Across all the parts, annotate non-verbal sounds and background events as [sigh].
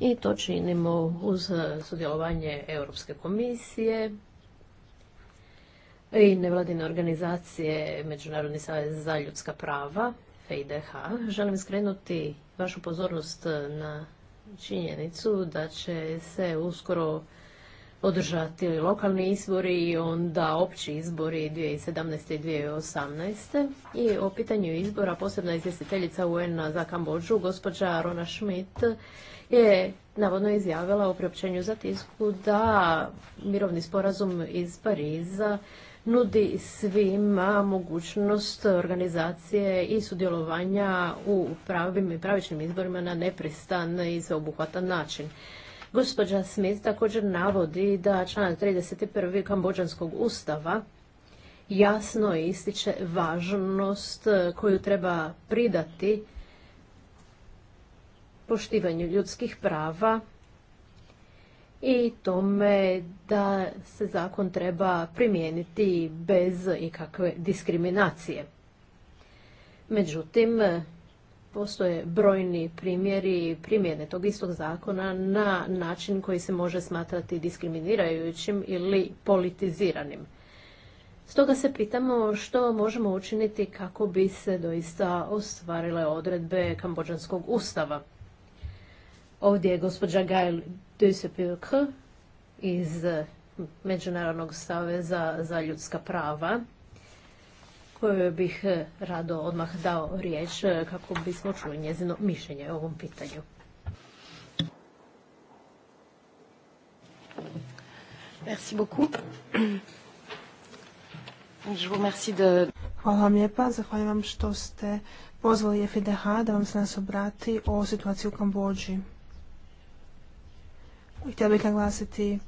I to činimo uz eh, sudjelovanje Europske komisije i nevladine organizacije Međunarodni savez za ljudska prava, FIDH. Želim skrenuti vašu pozornost eh, na činjenicu da će se uskoro održati lokalni izbori i onda opći izbori 2017. i 2018. I o pitanju izbora posebna izvjestiteljica un za Kambođu, gospođa Rona Schmidt, je navodno izjavila u priopćenju za tisku da mirovni sporazum iz Pariza nudi svima mogućnost organizacije i sudjelovanja u pravim i pravičnim izborima na nepristan i sveobuhvatan način. Gospođa Smith također navodi da članak 31. Kambođanskog ustava jasno ističe važnost koju treba pridati poštivanju ljudskih prava i tome da se zakon treba primijeniti bez ikakve diskriminacije. Međutim, postoje brojni primjeri primjene tog istog zakona na način koji se može smatrati diskriminirajućim ili politiziranim. Stoga se pitamo što možemo učiniti kako bi se doista ostvarile odredbe Kambođanskog ustava. Ovdje je gospođa Gail Dusepilk iz Međunarodnog saveza za ljudska prava kojoj bih e, rado odmah dao riječ e, kako bismo čuli njezino mišljenje o ovom pitanju. Merci beaucoup. Je Hvala vam lijepa, zahvaljujem vam što ste pozvali FIDH da vam se nas obrati o situaciji u Kambođi. Htjela bih naglasiti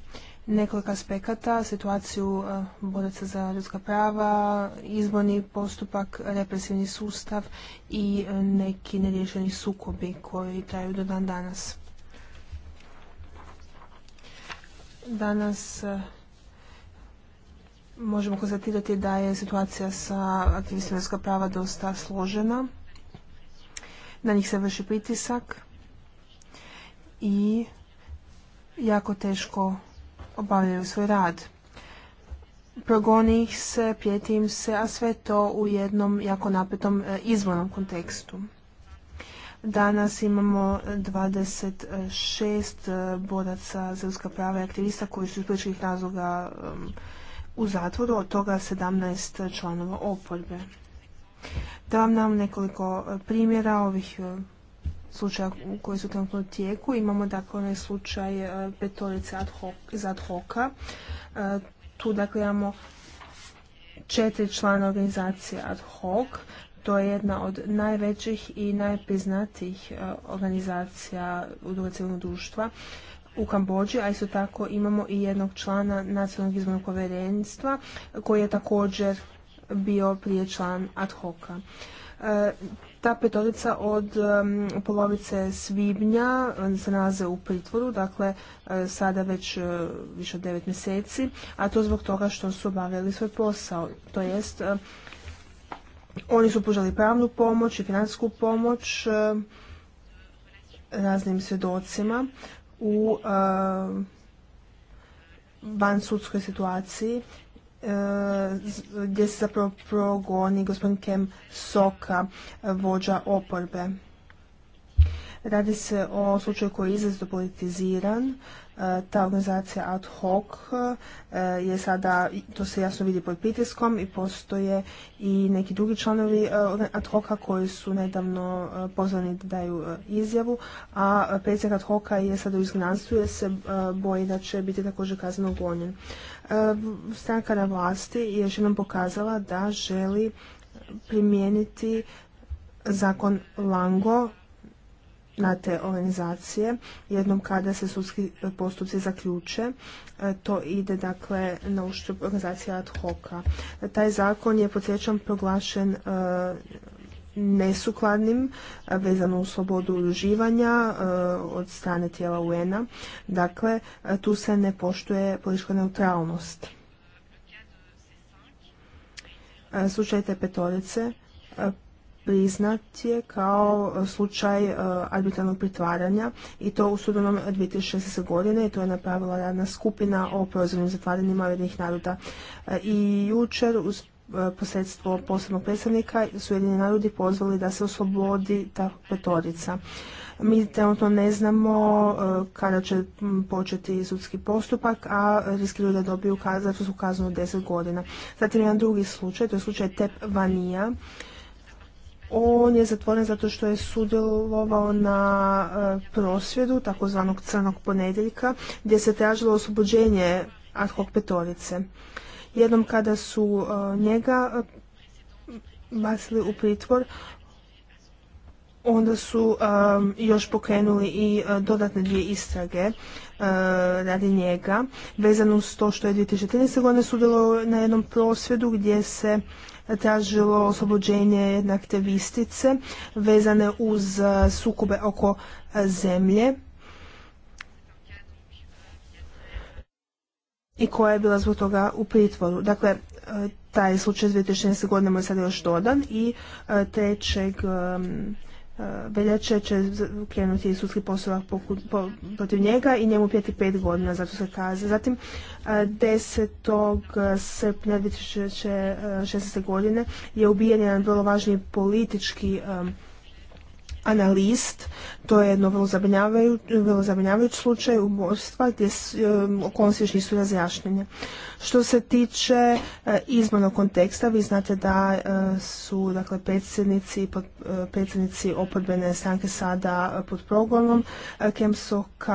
nekoliko aspekata, situaciju e, boraca za ljudska prava, izborni postupak, represivni sustav i e, neki neriješeni sukobi koji traju do dan danas. Danas e, možemo konstatirati da je situacija sa aktivistima ljudska prava dosta složena. Na njih se vrši pritisak i jako teško obavljaju svoj rad. Progoni ih se, prijeti im se, a sve to u jednom jako napetom e, izvornom kontekstu. Danas imamo 26 e, boraca za ljudska prava i aktivista koji su iz političkih razloga u zatvoru, od toga 17 članova oporbe. Da vam nam nekoliko e, primjera ovih slučaja koji su trenutno u tijeku. Imamo dakle onaj slučaj e, petorice ad hoc, iz ad hoca. E, tu dakle imamo četiri člana organizacije ad hoc. To je jedna od najvećih i najpriznatijih e, organizacija udruga civilnog društva u Kambođi, a isto tako imamo i jednog člana nacionalnog izbornog povjerenstva koji je također bio prije član ad hoca. Ta petorica od polovice svibnja se nalaze u pritvoru, dakle e, sada već e, više od devet mjeseci, a to zbog toga što su obavljali svoj posao. To jest, oni su pružali pravnu pomoć i financijsku pomoć raznim svjedocima u van sudskoj situaciji E, gdje se zapravo progoni gospodin Kem Soka, vođa oporbe. Radi se o slučaju koji je izrazito politiziran. E, ta organizacija ad hoc e, je sada, to se jasno vidi pod pritiskom i postoje i neki drugi članovi ad hoca koji su nedavno pozvani da daju izjavu, a predsjednik ad hoca je sada u izgnanstvu jer se boji da će biti također kazno gonjen. E, stranka na vlasti je jednom pokazala da želi primijeniti zakon Lango na te organizacije. Jednom kada se sudski postupci zaključe, e, to ide dakle na uštrup organizacija ad hoc Taj zakon je podsjećam proglašen e, nesukladnim vezano u slobodu udruživanja od strane tijela UN-a. Dakle, tu se ne poštuje politička neutralnost. Slučaj te petorice priznat je kao slučaj arbitralnog pritvaranja i to u studenom 2016. godine i to je napravila radna skupina o proizvodnim zatvaranjima vrednih naroda. I jučer uz posredstvo posebnog predstavnika su jedini narodi pozvali da se oslobodi ta petorica. Mi trenutno ne znamo e, kada će početi sudski postupak, a riskiraju da dobiju zatvorsku kaznu od 10 godina. Zatim jedan drugi slučaj, to je slučaj Tep Vanija. On je zatvoren zato što je sudjelovao na e, prosvjedu takozvanog crnog ponedjeljka gdje se tražilo oslobođenje ad hoc petorice jednom kada su uh, njega uh, basili u pritvor, onda su um, još pokrenuli i uh, dodatne dvije istrage radi njega, vezano s to što je 2013. godine sudjelo na jednom prosvjedu gdje se tražilo oslobođenje jedne aktivistice vezane uz sukobe oko zemlje i koja je bila zbog toga u pritvoru. Dakle, e, taj slučaj iz 2016. godine mu je sad još dodan i 3. E, e, veljače će krenuti sudski postupak protiv njega i njemu pjeti pet godina zato se kaze. Zatim 10. srpnja 2016. godine je ubijen jedan vrlo važni politički analist, to je jedno vrlo zabrinjavajući slučaj ubojstva gdje okolnosti još nisu Što se tiče e, izbornog konteksta, vi znate da e, su dakle, e, predsjednici, oporbene stranke sada pod progonom. Kemso K.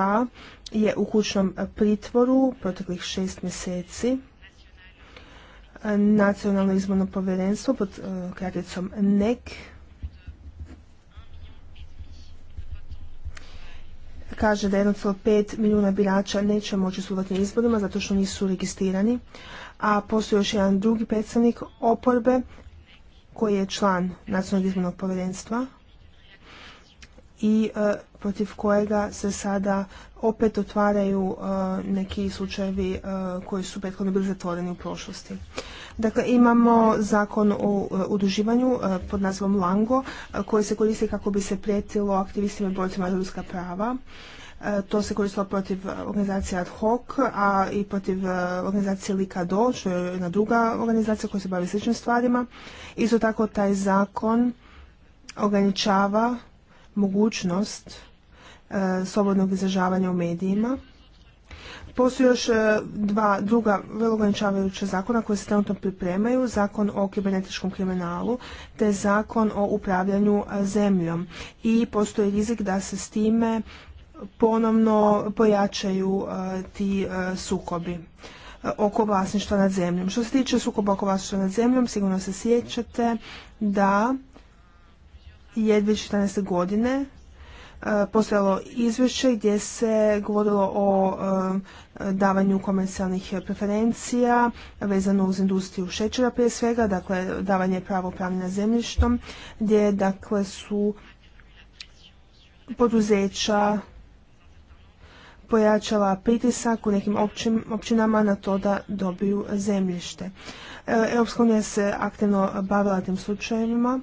je u kućnom pritvoru proteklih šest mjeseci. Nacionalno izborno povjerenstvo pod kraticom NEK kaže da 1,5 milijuna birača neće moći sudjelovati na izborima zato što nisu registrirani, a postoji još jedan drugi predstavnik oporbe koji je član Nacionalnog izbornog povjerenstva i e, protiv kojega se sada opet otvaraju e, neki slučajevi e, koji su prethodno bili zatvoreni u prošlosti. Dakle, imamo zakon o e, udruživanju e, pod nazvom Lango e, koji se koristi kako bi se prijetilo aktivistima i borcima za ljudska prava. To se koristilo protiv organizacije ad hoc, a i protiv organizacije Lika Do, što je jedna druga organizacija koja se bavi sličnim stvarima. Isto tako taj zakon ograničava mogućnost slobodnog izražavanja u medijima Postoje još e, dva druga vrlo ograničavajuća zakona koje se trenutno pripremaju, zakon o kibernetičkom kriminalu te zakon o upravljanju e, zemljom. I postoji rizik da se s time ponovno pojačaju e, ti sukobi oko vlasništva nad zemljom. Što se tiče sukoba oko vlasništva nad zemljom, sigurno se sjećate da je 2014. godine postojalo izvješće gdje se govorilo o davanju komercijalnih preferencija vezano uz industriju šećera prije svega, dakle davanje pravo upravljanja zemljištom gdje dakle su poduzeća pojačala pritisak u nekim općinama na to da dobiju zemljište. E, Europska unija se aktivno bavila tim slučajevima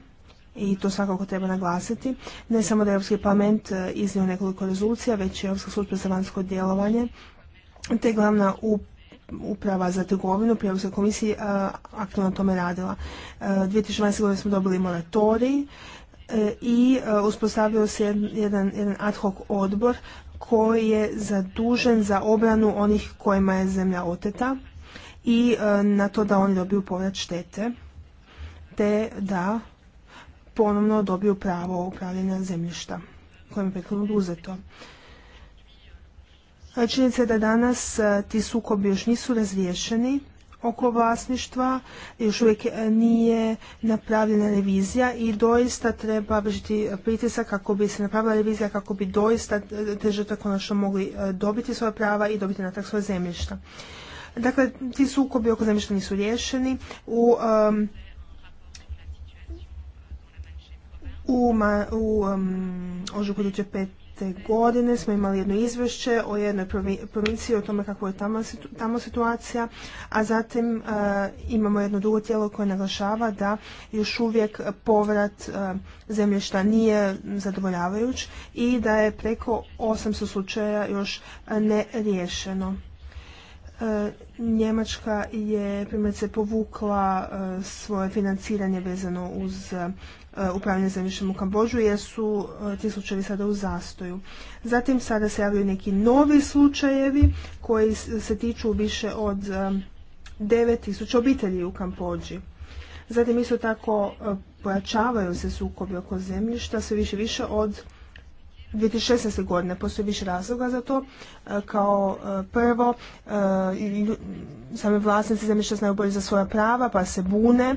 i to svakako treba naglasiti. Ne samo da je Europski parlament e, iznio nekoliko rezolucija, već i Europska služba za vanjsko djelovanje te glavna uprava za trgovinu pri Europskoj komisiji aktivno na tome radila. 2020. E, godine smo dobili moratorij e, i e, uspostavio se jedan, ad hoc odbor koji je zadužen za obranu onih kojima je zemlja oteta i na to da oni dobiju povrat štete te da ponovno dobiju pravo upravljanja zemljišta kojim je prethodno uzeto. Činjenica je da danas e, ti sukobi još nisu razriješeni oko vlasništva, još uvijek e, nije napravljena revizija i doista treba vršiti pritisak kako bi se napravila revizija, kako bi doista e, te žrtve konačno mogli dobiti svoja prava i dobiti natrag svoje zemljišta. Dakle, ti sukobi oko zemljišta nisu riješeni. U, um, u, u te godine smo imali jedno izvješće o jednoj provinciji, o tome kako je tamo, situacija, a zatim e, imamo jedno drugo tijelo koje naglašava da još uvijek povrat e, zemljišta nije zadovoljavajuć i da je preko 800 slučaja još ne riješeno e, Njemačka je primjerice povukla e, svoje financiranje vezano uz E, upravljanje zemljištem u Kambođu jer su e, ti slučajevi sada u zastoju. Zatim sada se javljaju neki novi slučajevi koji se tiču više od 9000 e, obitelji u Kambođi. Zatim isto tako pojačavaju se sukobi oko zemljišta sve više više od 2016. godine postoji više razloga za to. Kao prvo, same vlasnici zemljišta znaju bolje za svoja prava, pa se bune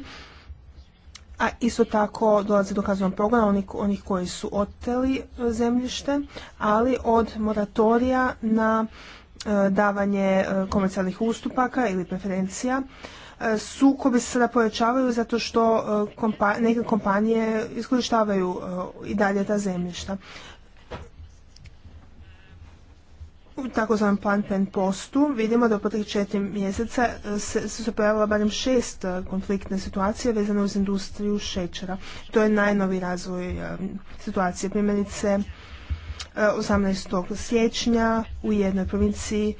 a isto tako dolazi do kaznog progona onih, koji su oteli e, zemljište, ali od moratorija na e, davanje e, komercijalnih ustupaka ili preferencija sukobi se sada pojačavaju zato što neke kompanije iskorištavaju i dalje ta zemljišta. U tzv. plan pen postu vidimo da u proteklih četiri mjeseca e, se, su se pojavila barem šest e, konfliktne situacije vezane uz industriju šećera. To je najnovi razvoj e, situacije. Primjerice, 18. siječnja u jednoj provinciji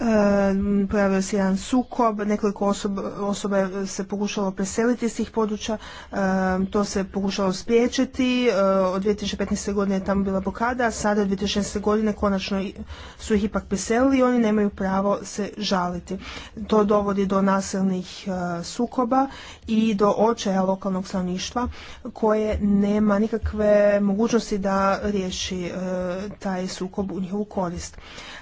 E, pojavio se jedan sukob, nekoliko osoba, se pokušalo preseliti iz tih područja, e, to se pokušalo spriječiti, e, od 2015. godine je tamo bila blokada, a sada od 2016. godine konačno su ih ipak preselili i oni nemaju pravo se žaliti. To dovodi do nasilnih sukoba i do očaja lokalnog stanovništva koje nema nikakve mogućnosti da riješi taj sukob u njihovu korist.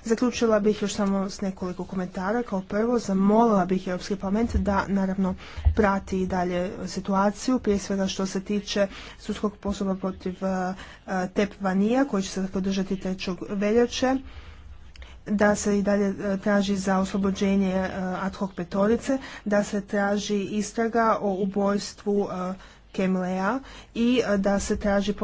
Zaključila bih još samo s nekoliko komentara. Kao prvo, zamolila bih Europski parlament da naravno prati i dalje situaciju, prije svega što se tiče sudskog postupka protiv e, TEP Vanija, koji će se dakle održati 3. veljače da se i dalje e, traži za oslobođenje e, ad hoc petorice, da se traži istraga o ubojstvu Kemlea i e, da se traži e,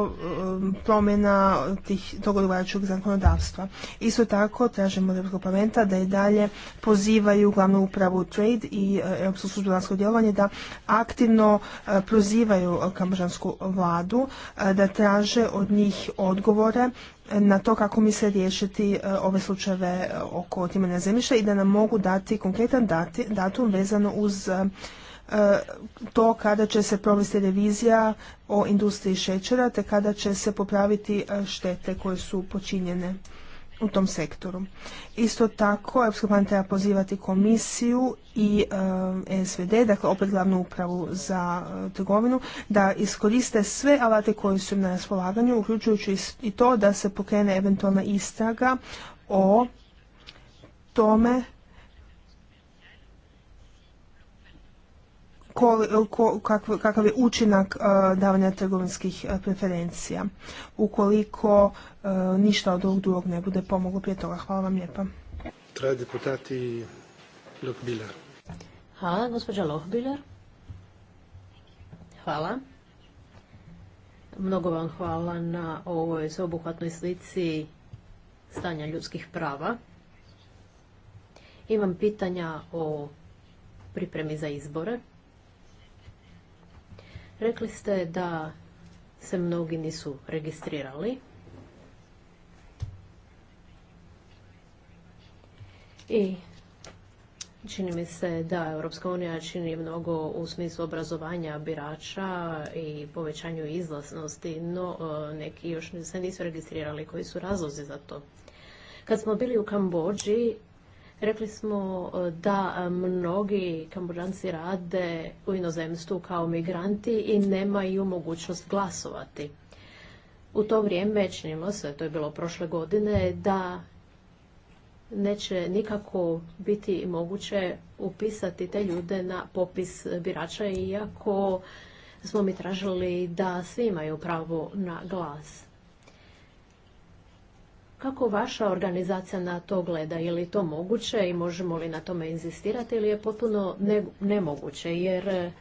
promjena tih, tog odgovarajućeg zakonodavstva. Isto tako tražimo od Europskog parlamenta da i dalje pozivaju glavnu upravu Trade i e, Europsku službu djelovanje da aktivno prozivaju kambožansku vladu, da traže od njih odgovore na to kako mi se riješiti ove slučajeve oko otimanja zemljišta i da nam mogu dati konkretan datum vezano uz E, to kada će se provesti revizija o industriji šećera te kada će se popraviti e, štete koje su počinjene u tom sektoru. Isto tako, Europska plan treba pozivati komisiju i e, SVD, dakle opet glavnu upravu za trgovinu, da iskoriste sve alate koje su na raspolaganju, uključujući i to da se pokrene eventualna istraga o tome E, ko, kakav, kakav je učinak e, davanja trgovinskih e, preferencija ukoliko ništa od ovog drugog ne bude pomoglo prije toga. Hvala vam lijepa. Treba deputati Lohbiler. Hvala, gospođa Lohbiler. Hvala. Mnogo vam hvala na ovoj sveobuhvatnoj slici stanja ljudskih prava. Imam pitanja o pripremi za izbore. Rekli ste da se mnogi nisu registrirali. I čini mi se da Europska unija čini mnogo u smislu obrazovanja birača i povećanju izlasnosti, no e, neki još se nisu registrirali koji su razlozi za to. Kad smo bili u Kambođi, Rekli smo e, da e, mnogi kambođanci rade u inozemstvu kao migranti i nemaju mogućnost glasovati. U to vrijeme činilo se, to je bilo prošle godine, da neće nikako biti moguće upisati te ljude na popis birača, iako smo mi tražili da svi imaju pravo na glas. Kako vaša organizacija na to gleda? Je li to moguće i možemo li na tome inzistirati ili je potpuno nemoguće? Jer e,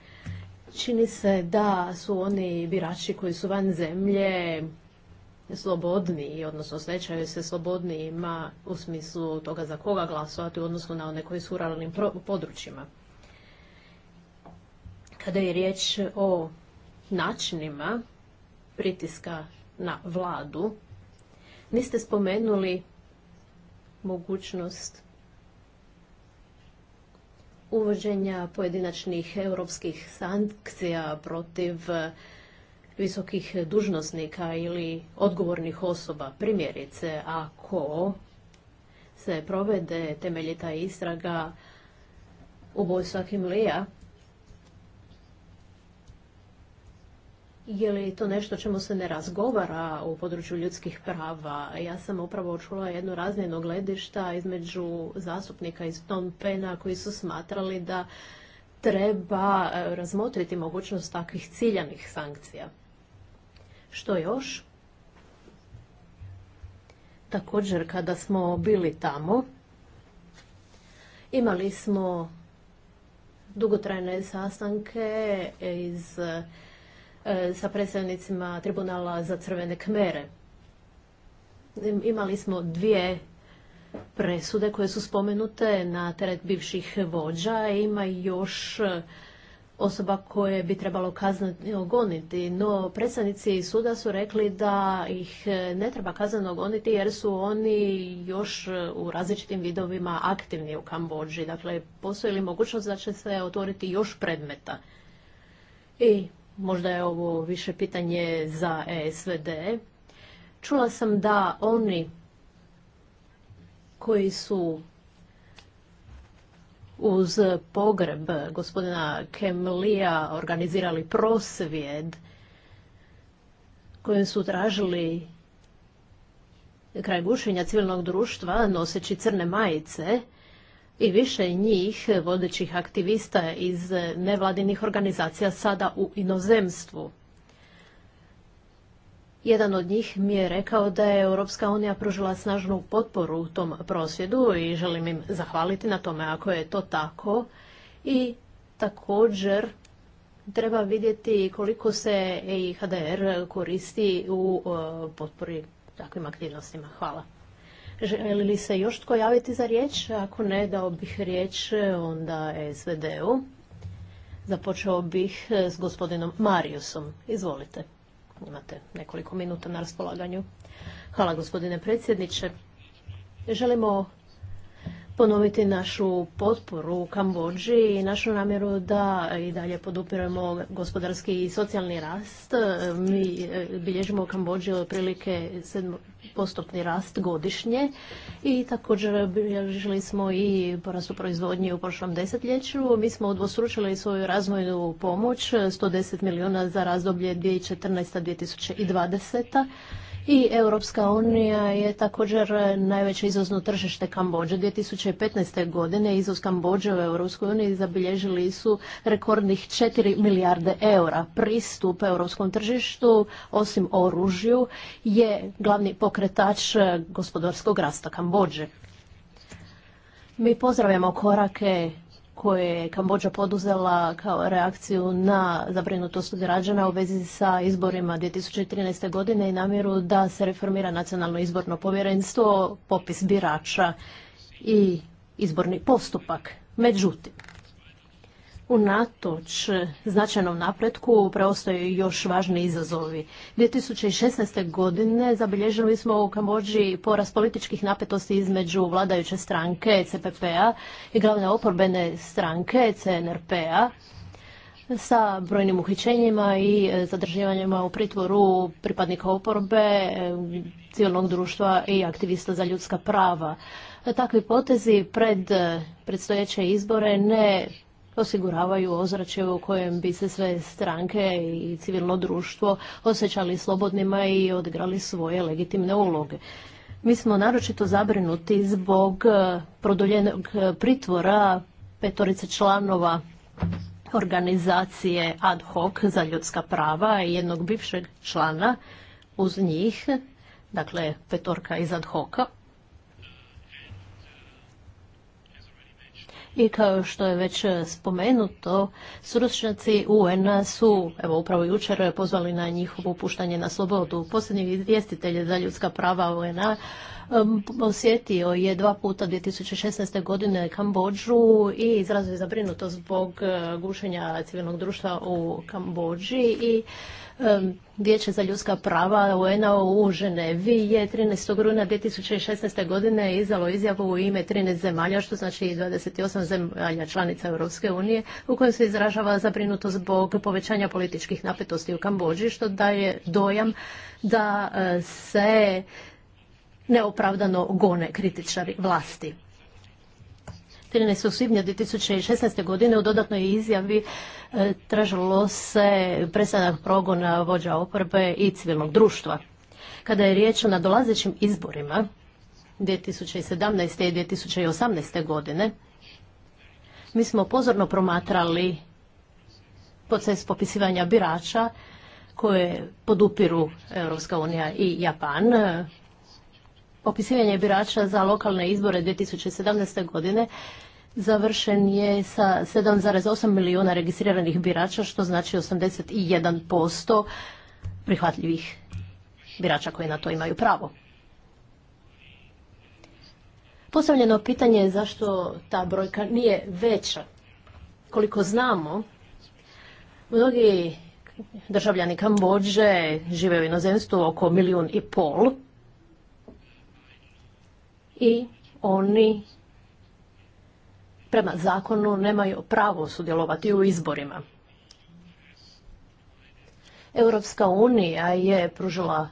čini se da su oni birači koji su van zemlje slobodni, odnosno osjećaju se slobodnijima u smislu toga za koga glasovati u odnosu na one koji su u ruralnim područjima. Kada je riječ o načinima pritiska na vladu, Niste spomenuli mogućnost uvođenja pojedinačnih europskih sankcija protiv visokih dužnosnika ili odgovornih osoba. Primjerice, ako se provede temeljita istraga ubojstva Himlija, je li to nešto čemu se ne razgovara u području ljudskih prava? Ja sam upravo čula jedno razmjenu gledišta između zastupnika iz Tom Pena koji su smatrali da treba e, razmotriti mogućnost takvih ciljanih sankcija. Što još? Također kada smo bili tamo, imali smo dugotrajne sastanke iz E, sa predstavnicima Tribunala za crvene kmere. Imali smo dvije presude koje su spomenute na teret bivših vođa. Ima još osoba koje bi trebalo kazneno ogoniti. no predstavnici suda su rekli da ih ne treba kazneno ogoniti jer su oni još u različitim vidovima aktivni u Kambođi. Dakle, postoji li mogućnost da će se otvoriti još predmeta? I Možda je ovo više pitanje za ESVD. Čula sam da oni koji su uz pogreb gospodina Kemlija organizirali prosvjed kojim su tražili kraj gušenja civilnog društva noseći crne majice i više njih eh, vodećih aktivista iz eh, nevladinih organizacija sada u inozemstvu. Jedan od njih mi je rekao da je Europska unija pružila snažnu potporu u tom prosvjedu i želim im zahvaliti na tome ako je to tako. I također treba vidjeti koliko se e i HDR koristi u eh, potpori takvim aktivnostima. Hvala. Želi li se još tko javiti za riječ? Ako ne, dao bih riječ e, onda SVD-u. Započeo bih e, s gospodinom Mariusom. Izvolite. Imate nekoliko minuta na raspolaganju. Hvala gospodine predsjedniče. Želimo ponoviti našu potporu u Kambođi i našu namjeru da i dalje podupiramo gospodarski i socijalni rast. E, mi bilježimo u Kambođi otprilike postupni rast godišnje i također bilježili smo i porast u proizvodnji u prošlom desetljeću. Mi smo odvosručili svoju razvojnu pomoć 110 milijuna za razdoblje 2014-2020 i Europska unija je također najveće izvozno tržište Kambođe. 2015. godine izvoz Kambođe u Europskoj uniji zabilježili su rekordnih 4 milijarde eura. Pristup europskom tržištu, osim oružju, je glavni pokretač gospodarskog rasta Kambođe. Mi pozdravljamo korake koje je Kambođa poduzela kao reakciju na zabrinutost građana u vezi sa izborima 2013. godine i namjeru da se reformira nacionalno izborno povjerenstvo, popis birača i izborni postupak. Međutim, Unatoč značajnom napretku preostaju još važni izazovi. 2016. godine zabilježili smo u Kambođi porast političkih napetosti između vladajuće stranke CPP-a i glavne oporbene stranke CNRP-a sa brojnim uhićenjima i zadržavanjima u pritvoru pripadnika oporbe, civilnog društva i aktivista za ljudska prava. Takvi potezi pred predstojeće izbore ne osiguravaju ozračje u kojem bi se sve stranke i civilno društvo osjećali slobodnima i odigrali svoje legitimne uloge. Mi smo naročito zabrinuti zbog eh, produljenog eh, pritvora petorice članova organizacije ad hoc za ljudska prava i jednog bivšeg člana uz njih, dakle petorka iz ad hoca. I kao što je već e, spomenuto, stručnjaci un su, evo upravo jučer, pozvali na njihovo puštanje na slobodu. Posljednji izvjestitelj za ljudska prava UN-a Posjetio je dva puta 2016. godine Kambođu i izrazio je zabrinutost zbog e, gušenja civilnog društva u Kambođi i Vijeće za ljudska prava UN-a u Ženevi je 13. rujna 2016. godine izdalo izjavu u ime 13 zemalja, što znači 28 zemalja članica Europske unije, u kojem se izražava zabrinutost zbog povećanja političkih napetosti u Kambođi, što daje dojam da e, se neopravdano gone kritičari vlasti. 13. svibnja 2016. godine u dodatnoj izjavi e, tražilo se prestanak progona vođa oporbe i civilnog društva. Kada je riječ o nadolazećim izborima 2017. i 2018. godine, mi smo pozorno promatrali proces popisivanja birača koje podupiru Europska unija i Japan popisivanje birača za lokalne izbore 2017. godine završen je sa 7,8 milijuna registriranih birača, što znači 81% prihvatljivih birača koji na to imaju pravo. Postavljeno pitanje je zašto ta brojka nije veća. Koliko znamo, mnogi državljani Kambođe žive u inozemstvu oko milijun i pol, i oni prema zakonu nemaju pravo sudjelovati u izborima. Europska unija je pružila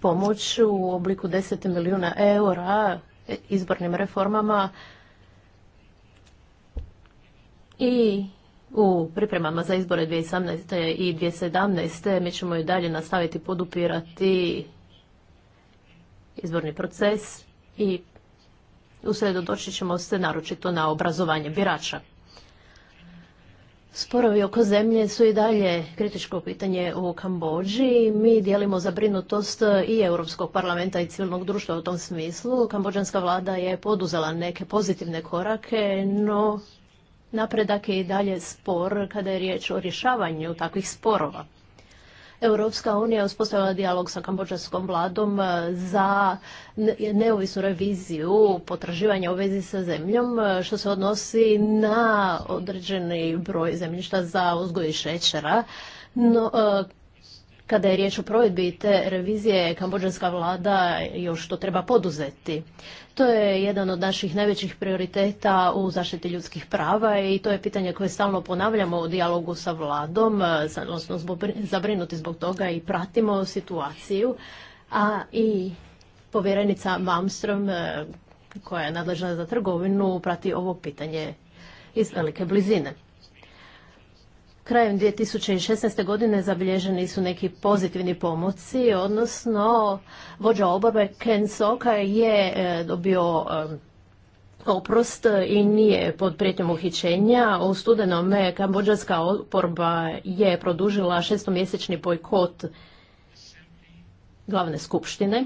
pomoć u obliku 10 milijuna eura izbornim reformama i u pripremama za izbore 2018. i 2017. mi ćemo i dalje nastaviti podupirati izborni proces i usredotočit ćemo se naročito na obrazovanje birača. Sporovi oko zemlje su i dalje kritičko pitanje u Kambođi. Mi dijelimo zabrinutost i Europskog parlamenta i civilnog društva u tom smislu. Kambođanska vlada je poduzela neke pozitivne korake, no napredak je i dalje spor kada je riječ o rješavanju takvih sporova. Europska unija uspostavila dijalog sa kambođanskom vladom eh, za neovisnu reviziju potraživanja u vezi sa zemljom, eh, što se odnosi na određeni broj zemljišta za uzgoj šećera. No, eh, kada je riječ o provedbi te revizije, kambođanska vlada još to treba poduzeti. To je jedan od naših najvećih prioriteta u zaštiti ljudskih prava i to je pitanje koje stalno ponavljamo u dijalogu sa vladom, odnosno zabrinuti zbog toga i pratimo situaciju. A i povjerenica Malmström, e, koja je nadležna za trgovinu, prati ovo pitanje iz velike blizine. Krajem 2016. godine zabilježeni su neki pozitivni pomoci, odnosno vođa oborbe Ken Soka je e, dobio e, oprost i nije pod prijetnjom uhićenja. U studenome kambođanska oporba je produžila šestomjesečni bojkot glavne skupštine.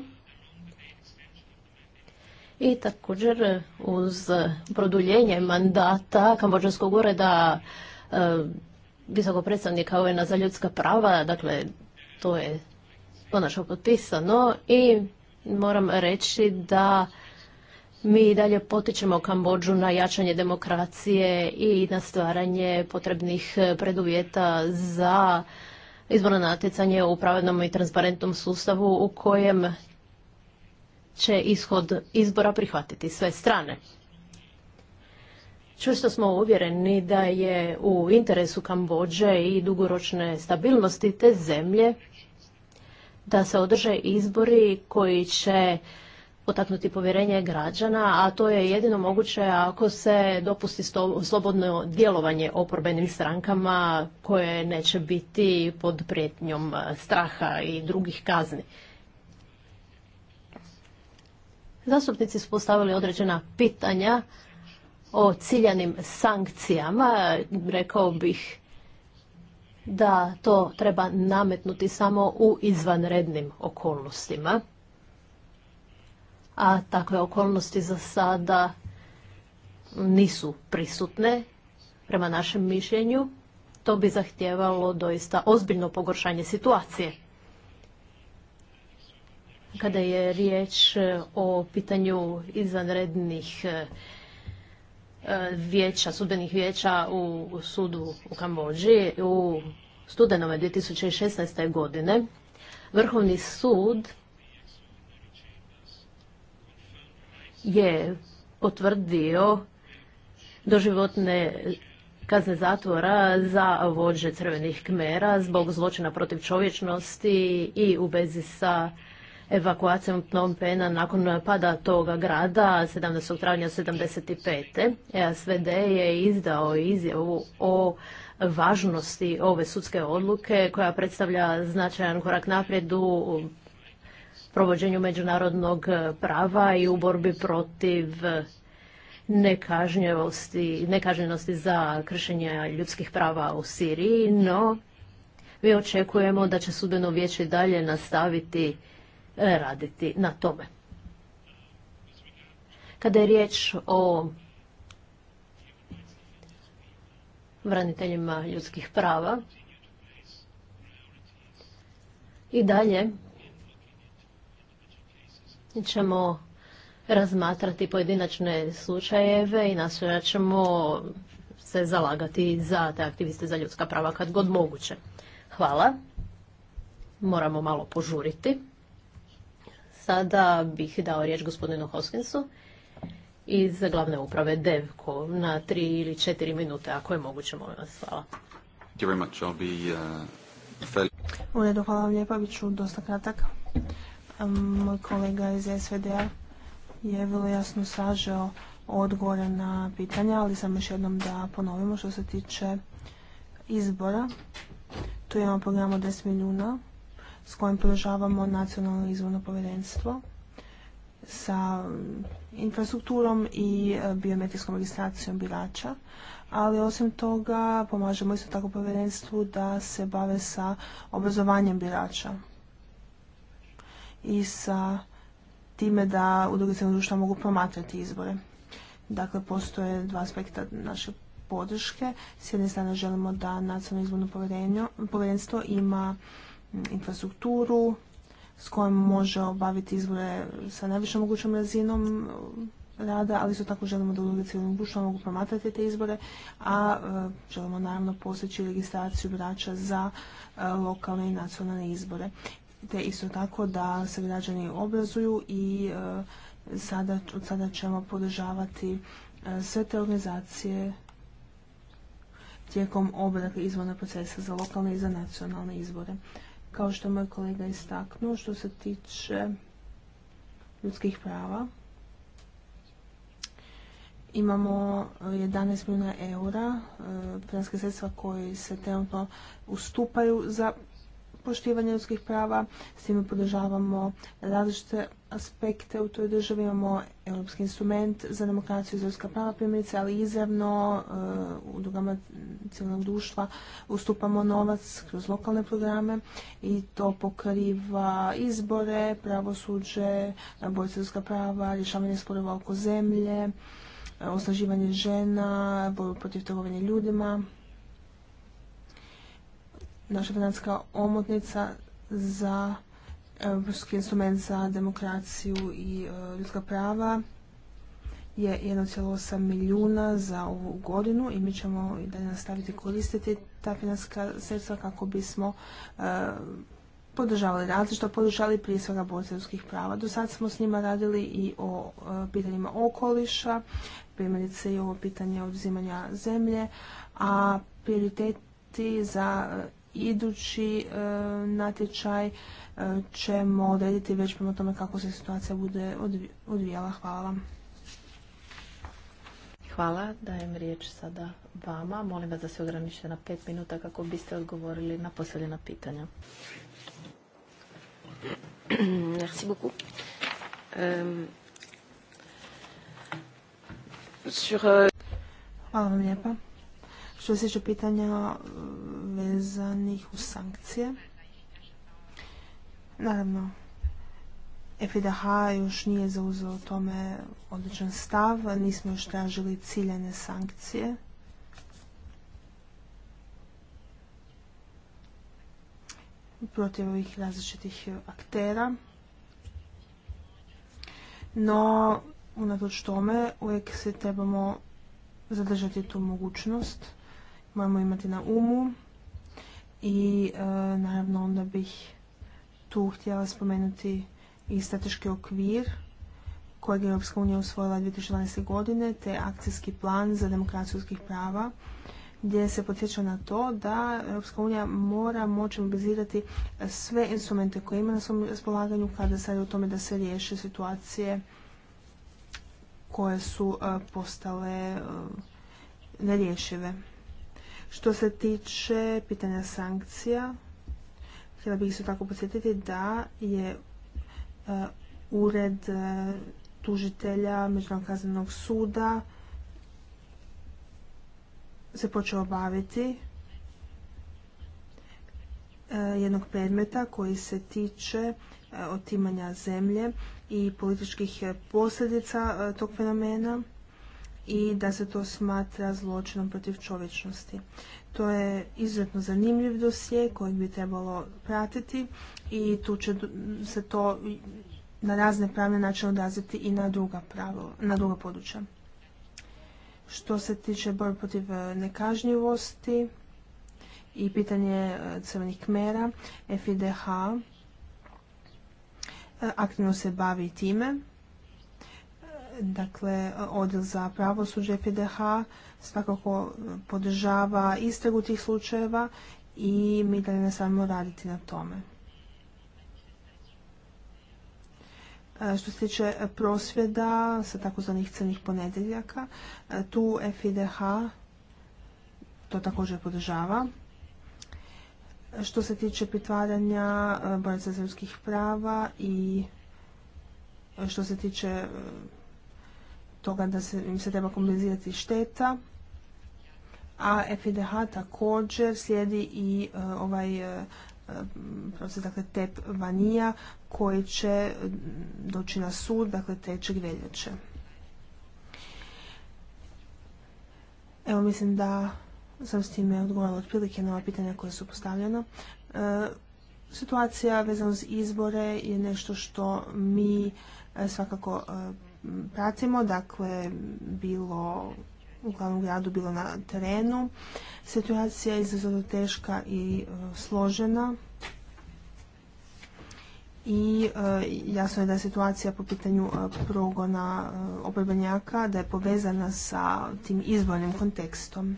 I također uz produljenje mandata kambođanskog ureda e, visokog predstavnika UN-a za ljudska prava, dakle to je konačno potpisano i moram reći da mi dalje potičemo Kambođu na jačanje demokracije i na stvaranje potrebnih preduvjeta za izborno natjecanje u pravednom i transparentnom sustavu u kojem će ishod izbora prihvatiti sve strane. Čvrsto smo uvjereni da je u interesu Kambođe i dugoročne stabilnosti te zemlje da se održe izbori koji će potaknuti povjerenje građana, a to je jedino moguće ako se dopusti slobodno djelovanje oporbenim strankama koje neće biti pod prijetnjom straha i drugih kazni. Zastupnici su postavili određena pitanja o ciljanim sankcijama, rekao bih da to treba nametnuti samo u izvanrednim okolnostima. A takve okolnosti za sada nisu prisutne, prema našem mišljenju. To bi zahtjevalo doista ozbiljno pogoršanje situacije. Kada je riječ o pitanju izvanrednih E, vijeća, sudbenih vijeća u sudu u Kambođi u studenome 2016. godine. Vrhovni sud je potvrdio doživotne kazne zatvora za vođe crvenih kmera zbog zločina protiv čovječnosti i u vezi sa evakuacijom Phnom Pena nakon pada toga grada 17. travnja 1975. SVD je izdao izjavu o važnosti ove sudske odluke koja predstavlja značajan korak naprijed u provođenju međunarodnog prava i u borbi protiv nekažnjenosti za kršenje ljudskih prava u Siriji, no mi očekujemo da će sudbeno vijeće dalje nastaviti E, raditi na tome. Kada je riječ o braniteljima ljudskih prava, i dalje ćemo razmatrati pojedinačne slučajeve i nastojat ćemo se zalagati za te aktiviste za ljudska prava kad god moguće. Hvala. Moramo malo požuriti. Sada bih dao riječ gospodinu Hoskinsu iz glavne uprave DEVKO na tri ili četiri minute, ako je moguće, molim vas. Hvala. Uh, U redu, hvala vam lijepa, bit ću dosta kratak. Moj kolega iz SVD-a je vrlo jasno sažao odgovore na pitanja, ali samo još jednom da ponovimo što se tiče izbora. Tu imamo program od 10 milijuna s kojim podržavamo nacionalno izvorno povjerenstvo sa mm, infrastrukturom i e, biometrijskom registracijom birača, ali osim toga pomažemo isto tako povjerenstvu da se bave sa obrazovanjem birača i sa time da udruge civilnog društva mogu promatrati izbore. Dakle, postoje dva aspekta naše podrške. S jedne strane želimo da nacionalno izborno povjerenstvo ima infrastrukturu s kojom može obaviti izbore sa najvišom mogućom razinom rada, ali isto tako želimo da udruge civilnog društva mogu promatrati te izbore, a e, želimo naravno postići registraciju birača za e, lokalne i nacionalne izbore. Te isto tako da se građani obrazuju i e, sada, sada ćemo podržavati sve te organizacije tijekom obrata izborne procesa za lokalne i za nacionalne izbore kao što moj kolega istaknuo, što se tiče ljudskih prava. Imamo 11 milijuna eura, eh, finanske sredstva koji se trenutno ustupaju za poštivanje ljudskih prava. S time podržavamo različite aspekte u toj državi. Imamo Europski instrument za demokraciju i ljudska prava primjerice, ali izravno eh, u drugama civilnog društva ustupamo novac kroz lokalne programe i to pokriva izbore, pravosuđe, bojice ljudska prava, rješavanje sporova oko zemlje, eh, osnaživanje žena, borbu protiv trgovanja ljudima naša financijska omotnica za Europski instrument za demokraciju i e, ljudska prava je 1,8 milijuna za ovu godinu i mi ćemo i dalje nastaviti koristiti ta financijska sredstva kako bismo e, podržavali različito, podržali prije svega borce ljudskih prava. Do sad smo s njima radili i o e, pitanjima okoliša, primjerice i ovo pitanje odzimanja zemlje, a prioriteti za idući e, natječaj e, ćemo odrediti već prema tome kako se situacija bude odvijala. Hvala vam. Hvala. Dajem riječ sada vama. Molim vas da se ograničite na pet minuta kako biste odgovorili na postavljena pitanja. [clears throat] Merci beaucoup. Euh, Hvala vam lijepa. Što se tiče pitanja e, vezanih u sankcije, naravno, FIDH još nije zauzeo tome odličan stav, nismo još tražili ciljane sankcije. protiv ovih različitih aktera. No, unatoč tome, uvijek se trebamo zadržati tu mogućnost moramo imati na umu i e, naravno onda bih tu htjela spomenuti i strateški okvir kojeg je Europska unija usvojila 2012. godine te akcijski plan za demokraciju ljudskih prava gdje se podsjeća na to da Europska unija mora moći mobilizirati sve instrumente koje ima na svom raspolaganju kada se u tome da se riješe situacije koje su e, postale e, nerješive. Što se tiče pitanja sankcija, htjela bih se tako podsjetiti da je e, ured e, tužitelja Međunarodnog kaznenog suda se počeo baviti e, jednog predmeta koji se tiče otimanja zemlje i političkih posljedica tog fenomena i da se to smatra zločinom protiv čovječnosti. To je izuzetno zanimljiv dosje koji bi trebalo pratiti i tu će se to na razne pravne načine odraziti i na druga, na druga područja. Što se tiče borbe protiv e, nekažnjivosti i pitanje e, crvenih kmera, FIDH e, aktivno se bavi time Dakle, odjel za pravosuđe PDH svakako podržava istragu tih slučajeva i mi da ne samo raditi na tome. E, što se tiče prosvjeda sa takozvanih crnih ponedjeljaka, e, tu FIDH to također podržava. Što se tiče pritvaranja e, boraca ljudskih prava i što se tiče toga da se, im se treba kompenzirati šteta, a FIDH također slijedi i e, ovaj e, e, proces, dakle, TEP Vanija koji će doći na sud, dakle, 3. veljače. Evo, mislim da sam s time odgovorila otprilike na ova pitanja koja su postavljena. situacija vezana uz izbore je nešto što mi svakako pratimo, dakle bilo u glavnom gradu, bilo na terenu. Situacija je izuzetno teška i e, složena i e, jasno je da je situacija po pitanju e, progona e, da je povezana sa tim izbornim kontekstom.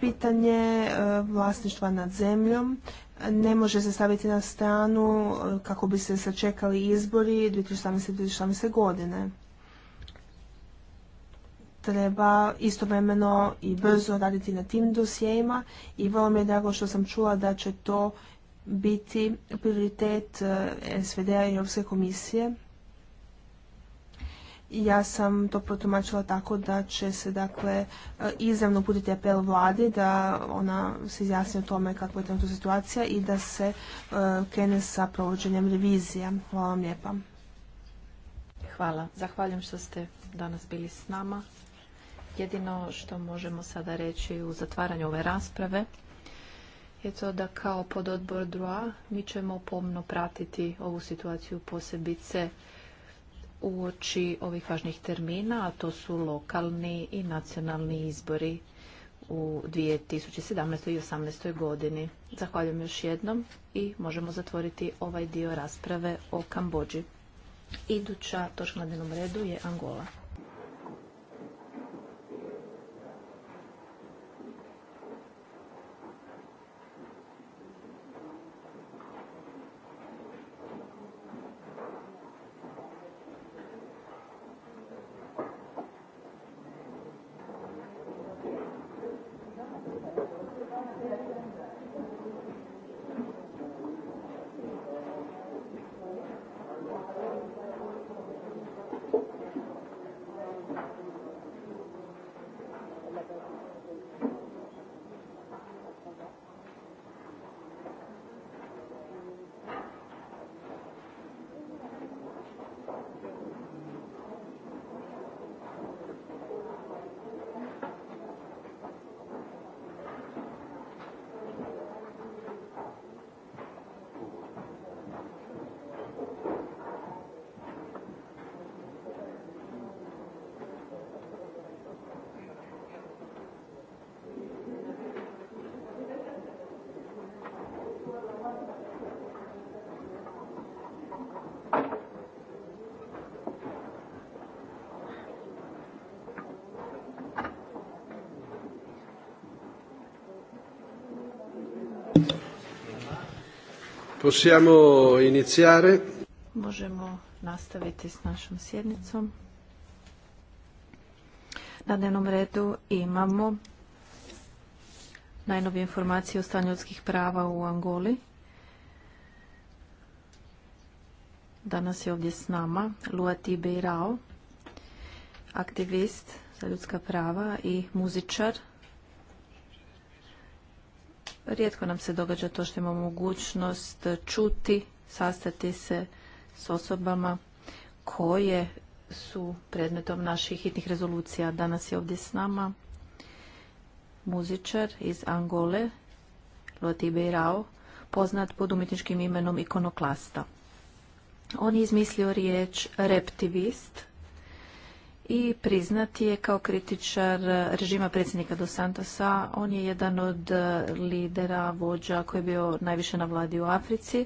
Pitanje vlasništva nad zemljom ne može se staviti na stranu e, kako bi se sačekali izbori 2018 se godine. Treba istovremeno i brzo raditi na tim dosijejima i vrlo mi je drago što sam čula da će to biti prioritet e, SVD-a i Europske komisije ja sam to protumačila tako da će se dakle e, izravno uputiti apel vladi da ona se izjasni o tome kakva je trenutna situacija i da se e, krene sa provođenjem revizija. Hvala vam lijepa. Hvala. Zahvaljujem što ste danas bili s nama. Jedino što možemo sada reći u zatvaranju ove rasprave je to da kao pododbor DROA mi ćemo pomno pratiti ovu situaciju posebice uoči ovih važnih termina, a to su lokalni i nacionalni izbori u 2017. i 2018. godini. Zahvaljujem još jednom i možemo zatvoriti ovaj dio rasprave o Kambođi. Iduća točka na dnevnom redu je Angola. Possiamo iniziare? Možemo nastaviti s našom sjednicom. Na dnevnom redu imamo najnovije informacije o stanju ljudskih prava u Angoli. Danas je ovdje s nama Luati Beirao, aktivist za ljudska prava i muzičar Rijetko nam se događa to što imamo mogućnost čuti, sastati se s osobama koje su predmetom naših hitnih rezolucija. Danas je ovdje s nama muzičar iz Angole, Loti Beirao, poznat pod umjetničkim imenom ikonoklasta. On je izmislio riječ reptivist, i priznat je kao kritičar režima predsjednika Dos Santosa. On je jedan od lidera, vođa koji je bio najviše na vladi u Africi,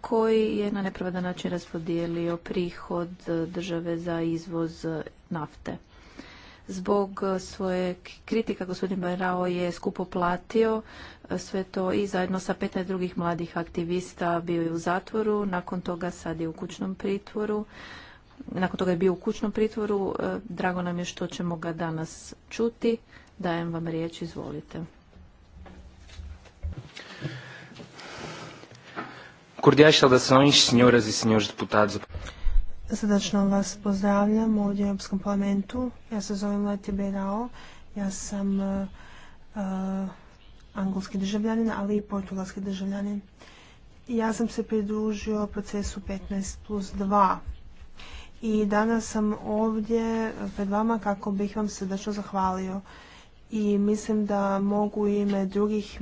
koji je na nepravedan način raspodijelio prihod države za izvoz nafte. Zbog svoje kritika gospodin Barao je skupo platio sve to i zajedno sa 15 drugih mladih aktivista bio je u zatvoru, nakon toga sad je u kućnom pritvoru nakon toga je bio u kućnom pritvoru. E, drago nam je što ćemo ga danas čuti. Dajem vam riječ, izvolite. E Srdačno vas pozdravljam u Europskom parlamentu. Ja se zovem Leti Berao. Ja sam e, angolski državljanin, ali i portugalski državljanin. Ja sam se pridružio procesu 15 plus i danas sam ovdje pred vama kako bih vam srdečno zahvalio i mislim da mogu ime drugih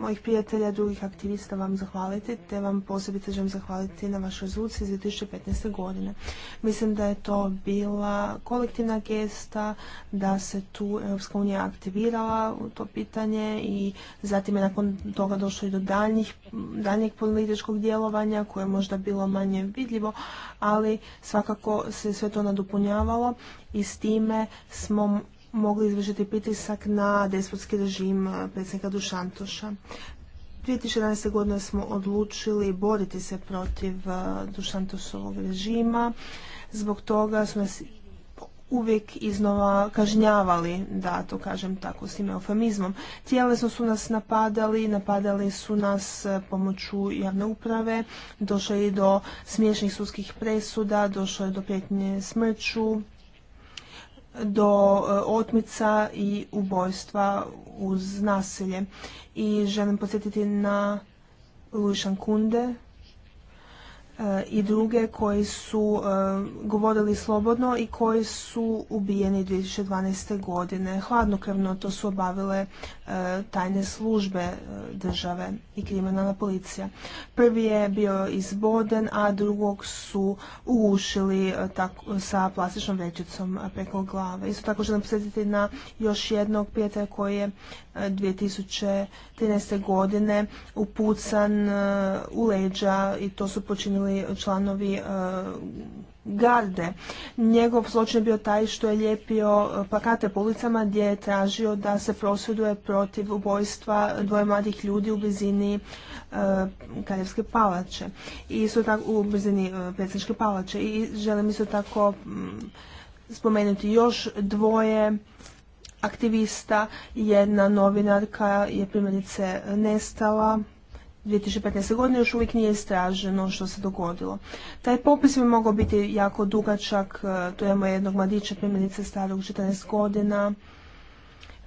mojih prijatelja, drugih aktivista vam zahvaliti, te vam posebice želim zahvaliti na vašoj zvuci iz 2015. godine. Mislim da je to bila kolektivna gesta, da se tu Europska unija aktivirala u to pitanje i zatim je nakon toga došlo i do daljnjih, daljnjeg političkog djelovanja koje je možda bilo manje vidljivo, ali svakako se sve to nadopunjavalo i s time smo mogli izvršiti pritisak na despotski režim eh, predsjednika Dušantoša. 2011. godine smo odlučili boriti se protiv eh, Dušantošovog režima. Zbog toga smo nas uvijek iznova kažnjavali, da to kažem tako s tim eufemizmom. tjelesno su nas napadali, napadali su nas eh, pomoću javne uprave, došlo i do smiješnih sudskih presuda, došlo je do prijetnje smrću, do e, otmica i ubojstva uz nasilje. I želim podsjetiti na Luišan Kunde, E, i druge koji su e, govorili slobodno i koji su ubijeni 2012. godine. Hladnokrvno to su obavile e, tajne službe države i kriminalna policija. Prvi je bio izboden, a drugog su ugušili tako, sa plastičnom vrećicom preko glave. Isto tako želim posjetiti na još jednog prijatelja koji je 2013. godine upucan u leđa i to su počinili ili članovi e, garde. Njegov zločin je bio taj što je lijepio e, plakate po ulicama gdje je tražio da se prosvjeduje protiv ubojstva dvoje mladih ljudi u blizini e, Kaljevske palače. I isto tako u blizini Pesničke palače. I želim isto tako mm, spomenuti još dvoje aktivista. Jedna novinarka je primjerice nestala 2015. godine još uvijek nije istraženo što se dogodilo. Taj popis bi mogao biti jako dugačak, e, tu imamo jednog mladića primjerice starog 14 godina,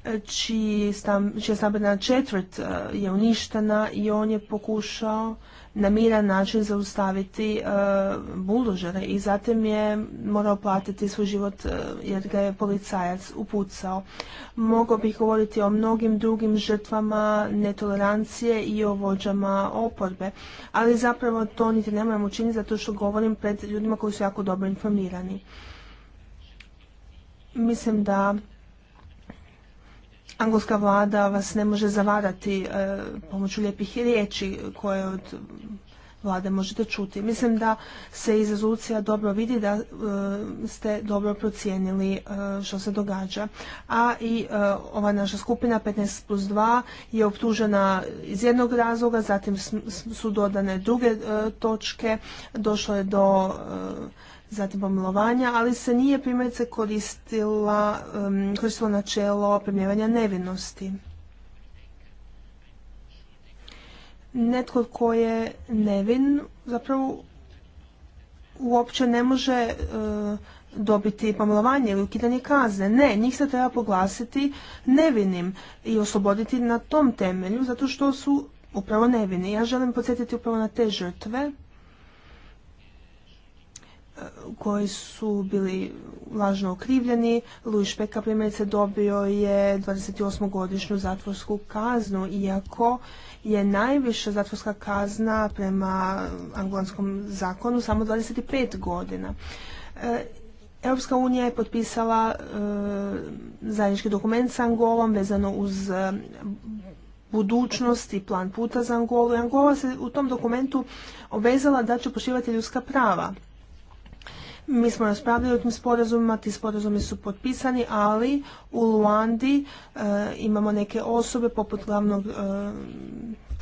e, čiji čija stambena četvrt e, je uništena i on je pokušao na miran način zaustaviti e, buldožere i zatim je morao platiti svoj život e, jer ga je policajac upucao. Mogao bih govoriti o mnogim drugim žrtvama netolerancije i o vođama oporbe, ali zapravo to niti ne moram učiniti zato što govorim pred ljudima koji su jako dobro informirani. Mislim da Angolska vlada vas ne može zavarati e, pomoću lijepih riječi koje od vlade možete čuti. Mislim da se iz rezolucija dobro vidi da e, ste dobro procijenili e, što se događa. A i ova naša skupina 15 plus 2 je optužena iz jednog razloga, zatim su dodane druge točke, došlo je do zatim pomilovanja, ali se nije primjerice koristila, koristilo načelo primjevanja nevinosti. Netko tko je nevin zapravo uopće ne može eh, dobiti pomilovanje ili ukidanje kazne. Ne, njih se treba poglasiti nevinim i osloboditi na tom temelju zato što su upravo nevini. Ja želim podsjetiti upravo na te žrtve koji su bili lažno okrivljeni. Luis Špeka primjerice dobio je 28-godišnju zatvorsku kaznu, iako je najviša zatvorska kazna prema angolanskom zakonu samo 25 godina. E, Europska unija je potpisala e, zajednički dokument sa Angolom vezano uz e, budućnost i plan puta za Angolu. Angola se u tom dokumentu obvezala da će poštivati ljudska prava mi smo raspravljali o tim sporazumima, ti sporazumi su potpisani, ali u Luandi e, imamo neke osobe poput glavnog e,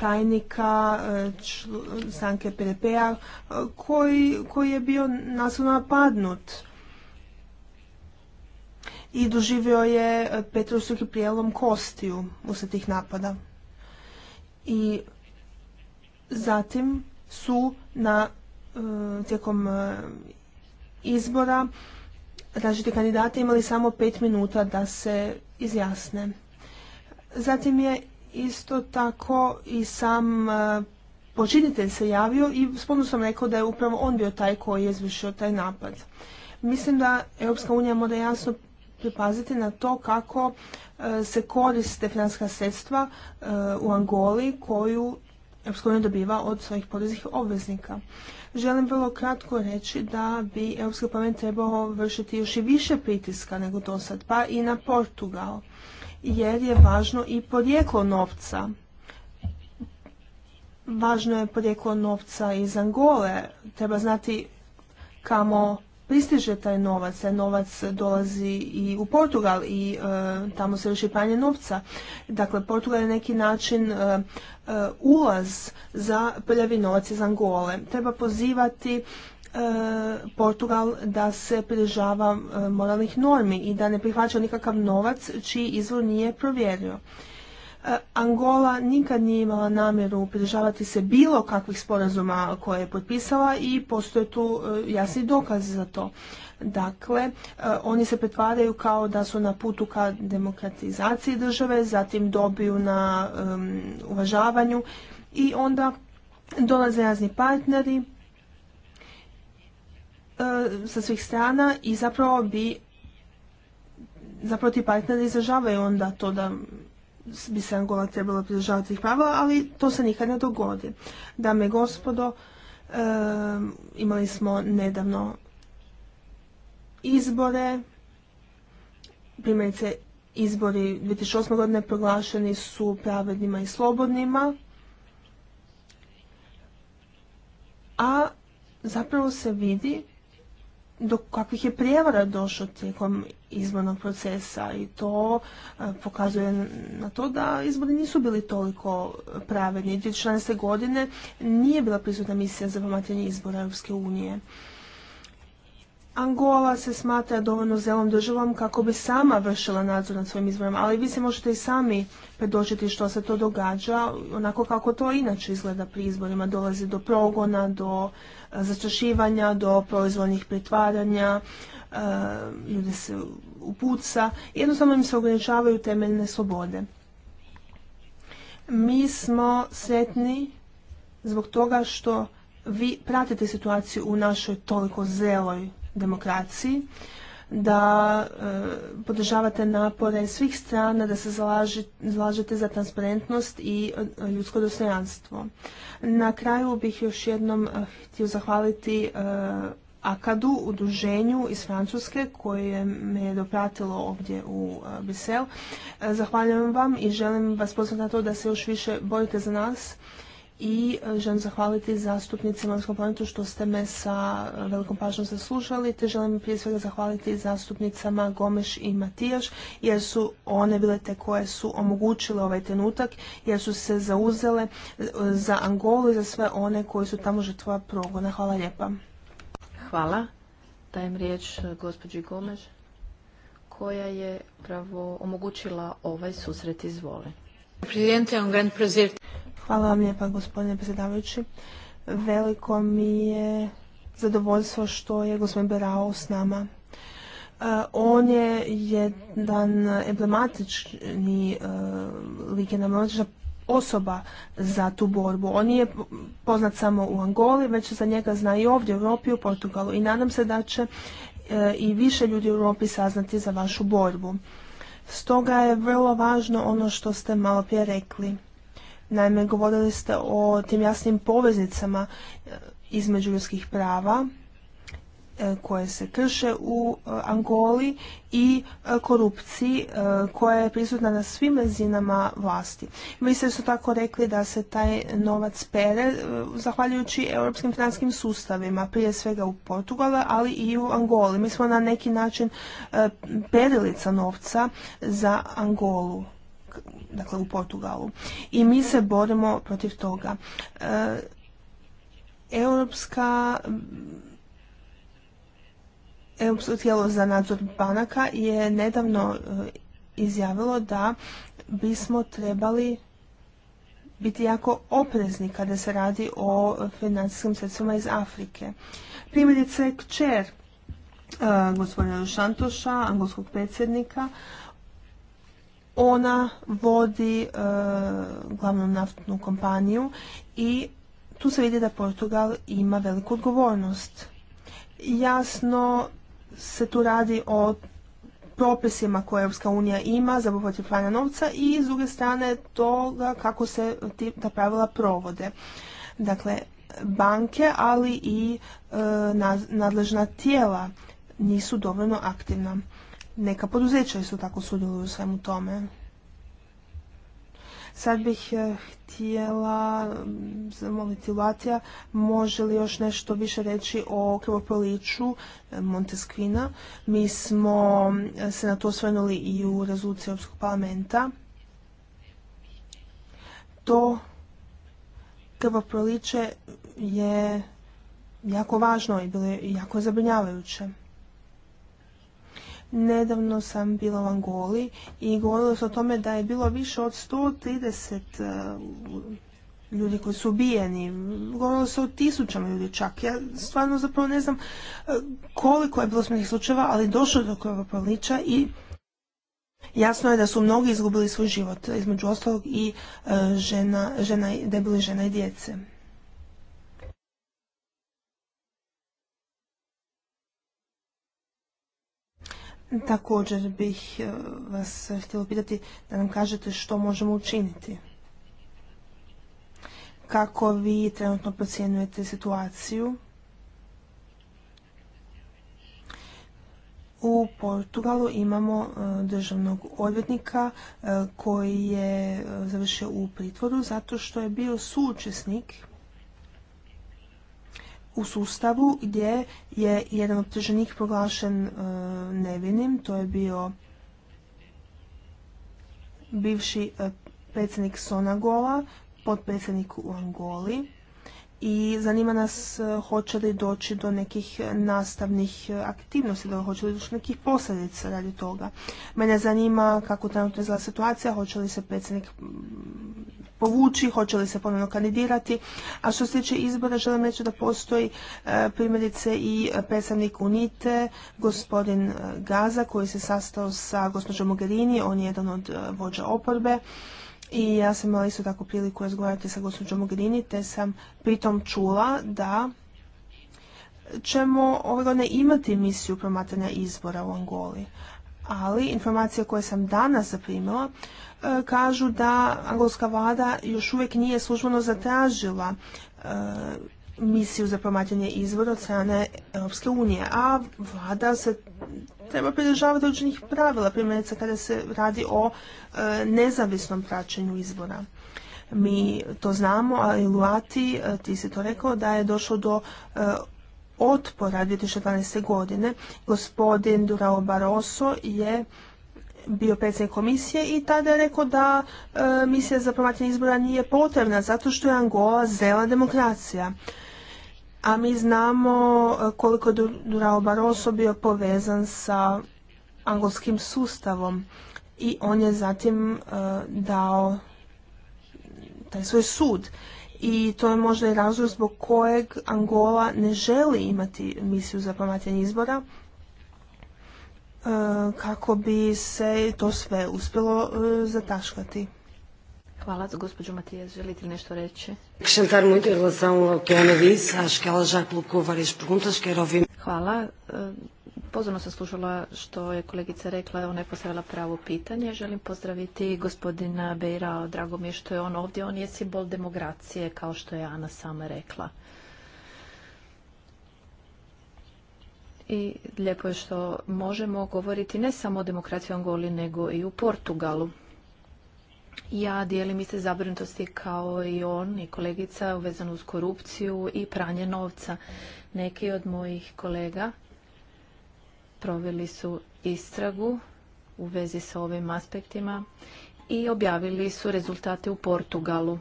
tajnika Sanke stranke pdp p-a, e, koji, koji je bio naslovno napadnut i doživio je petrostruki prijelom kostiju uslijed tih napada. I zatim su na tijekom izbora različiti kandidati imali samo pet minuta da se izjasne. Zatim je isto tako i sam e, počinitelj se javio i spodno sam rekao da je upravo on bio taj koji je izvršio taj napad. Mislim da Europska unija mora jasno pripaziti na to kako e, se koriste financijska sredstva e, u Angoli koju EU dobiva od svojih poreznih obveznika. Želim vrlo kratko reći da bi Europski parlament trebao vršiti još i više pritiska nego do sad, pa i na Portugal, jer je važno i porijeklo novca. Važno je porijeklo novca iz Angole, treba znati kamo pristiže taj novac, taj novac dolazi i u Portugal i e, tamo se vrši pranje novca. Dakle, Portugal je neki način e, e, ulaz za prljavi novac iz Angole. Treba pozivati Portugal da se pridržava moralnih normi i da ne prihvaća nikakav novac čiji izvor nije provjerio. E, Angola nikad nije imala namjeru pridržavati se bilo kakvih sporazuma koje je potpisala i postoje tu e, jasni dokaz za to. Dakle, e, oni se pretvaraju kao da su na putu ka demokratizaciji države, zatim dobiju na uvažavanju i onda dolaze razni partneri sa svih strana i zapravo bi zapravo ti partneri izražavaju onda to da bi se Angola trebala pridržavati tih pravila, ali to se nikad ne dogodi. Dame i gospodo, imali smo nedavno izbore, primjerice izbori 2008. godine proglašeni su pravednima i slobodnima, a zapravo se vidi do kakvih je prijevara došlo tijekom izbornog procesa i to e, pokazuje na to da izbori nisu bili toliko pravedni. 2014. godine nije bila prisutna misija za promatranje izbora Europske unije. Angola se smatra dovoljno zelom državom kako bi sama vršila nadzor nad svojim izborima, ali vi se možete i sami predočiti što se to događa, onako kako to inače izgleda pri izborima. Dolazi do progona, do e, zastrašivanja, do proizvodnih pritvaranja, E, ljude se upuca, jednostavno im se ograničavaju temeljne slobode. Mi smo sretni zbog toga što vi pratite situaciju u našoj toliko zeloj demokraciji, da e, podržavate napore svih strana, da se zalažete za transparentnost i e, ljudsko dostojanstvo. Na kraju bih još jednom htio zahvaliti Akadu, duženju iz Francuske koje me je dopratilo ovdje u e, Brisel. E, zahvaljujem vam i želim vas pozvati na to da se još više bojite za nas i e, želim zahvaliti zastupnicima Morskom planetu što ste me sa velikom pažnjom zaslušali, te želim prije svega zahvaliti zastupnicama Gomeš i Matijaš, jer su one bile te koje su omogućile ovaj trenutak, jer su se zauzele za Angolu i za sve one koji su tamo žrtva progona. Hvala lijepa. Hvala. Dajem riječ e, gospođi Gomež koja je pravo omogućila ovaj susret izvoli. Hvala vam lijepa gospodine predsjedavajući. Veliko mi je zadovoljstvo što je gospodin Berao s nama. E, on je jedan emblematični e, lik, jedna emblematična osoba za tu borbu. On nije poznat samo u Angoli, već za njega zna i ovdje u Europi u Portugalu. I nadam se da će e, i više ljudi u Europi saznati za vašu borbu. Stoga je vrlo važno ono što ste malo prije rekli. Naime, govorili ste o tim jasnim poveznicama e, između ljudskih prava E, koje se krše u e, Angoli i e, korupciji koja je prisutna na svim razinama vlasti. Vi ste su tako rekli da se taj novac pere zahvaljujući europskim financijskim sustavima, prije svega u Portugalu, ali i u Angoli. Mi smo na neki način perilica novca za Angolu dakle u Portugalu. I mi se borimo protiv toga. Europska Europsko tijelo za nadzor banaka je nedavno e, izjavilo da bismo trebali biti jako oprezni kada se radi o financijskim sredstvima iz Afrike. Primjerice, kćer e, gospodina Šantoša, angolskog predsjednika, ona vodi e, glavnu naftnu kompaniju i tu se vidi da Portugal ima veliku odgovornost. Jasno se tu radi o propisima koje Europska unija ima za protiv pranja novca i s druge strane toga kako se ta pravila provode. Dakle, banke, ali i e, nadležna tijela nisu dovoljno aktivna. Neka poduzeća su tako sudjeluju u svemu tome. Sad bih eh, htjela mm, zamoliti Latija, može li još nešto više reći o krvoproliču eh, Montesquina? Mi smo mm, se na to osvrnuli i u rezoluciji Europskog parlamenta. To krvoproliće je jako važno i bilo je jako zabrinjavajuće. Nedavno sam bila u Angoli i govorila se o tome da je bilo više od 130 e, ljudi koji su ubijeni. Govorilo se o tisućama ljudi čak. Ja stvarno zapravo ne znam e, koliko je bilo smrtnih slučajeva, ali došlo do krvoprolića i jasno je da su mnogi izgubili svoj život, između ostalog i e, žena, žena, debili žena i djece. Također bih e, vas htjela pitati da nam kažete što možemo učiniti. Kako vi trenutno procjenjujete situaciju U Portugalu imamo e, državnog odvjetnika e, koji je završio u pritvoru zato što je bio suučesnik u sustavu gdje je jedan optuženik proglašen e, nevinim, to je bio bivši e, predsjednik Sonagola, potpredsjednik u Angoli i zanima nas e, hoće li doći do nekih nastavnih aktivnosti, da hoće li doći do nekih posljedica radi toga. Mene zanima kako trenutno izgleda situacija, hoće li se predsjednik povući, hoće li se ponovno kandidirati. A što se tiče izbora, želim reći da postoji e, primjerice i predstavnik UNITE, gospodin e, Gaza, koji se sastao sa gospođom Mogherini, on je jedan od e, vođa oporbe. I ja sam imala isto tako priliku razgovarati sa gospođom Mogherini, te sam pritom čula da ćemo ove godine imati misiju promatranja izbora u Angoli. Ali informacija koje sam danas zaprimila E, kažu da angolska vlada još uvijek nije službeno zatražila e, misiju za promatranje izvora od strane Europske unije, a vlada se treba pridržavati određenih pravila, primjerice kada se radi o e, nezavisnom praćenju izbora. Mi to znamo, a Luati, ti si to rekao, da je došlo do otpora 2012. godine. Gospodin Durao Barroso je bio predsjednik komisije i tada je rekao da e, misija za promatranje izbora nije potrebna zato što je Angola zela demokracija. A mi znamo e, koliko je Durao Barroso bio povezan sa angolskim sustavom i on je zatim e, dao taj svoj sud. I to je možda i razlog zbog kojeg Angola ne želi imati misiju za promatranje izbora, E, kako bi se to sve uspjelo e, zataškati. Hvala, gospođo Matijez. Želite li nešto reći? Hvala. Pozorno sam slušala što je kolegica rekla, ona je postavila pravo pitanje. Želim pozdraviti gospodina Beira, drago mi je što je on ovdje, on je simbol demokracije, kao što je Ana sama rekla. i lijepo je što možemo govoriti ne samo o demokraciji Angoli, nego i u Portugalu. Ja dijelim iste zabrinutosti kao i on i kolegica uvezano uz korupciju i pranje novca. Neki od mojih kolega proveli su istragu u vezi sa ovim aspektima i objavili su rezultate u Portugalu.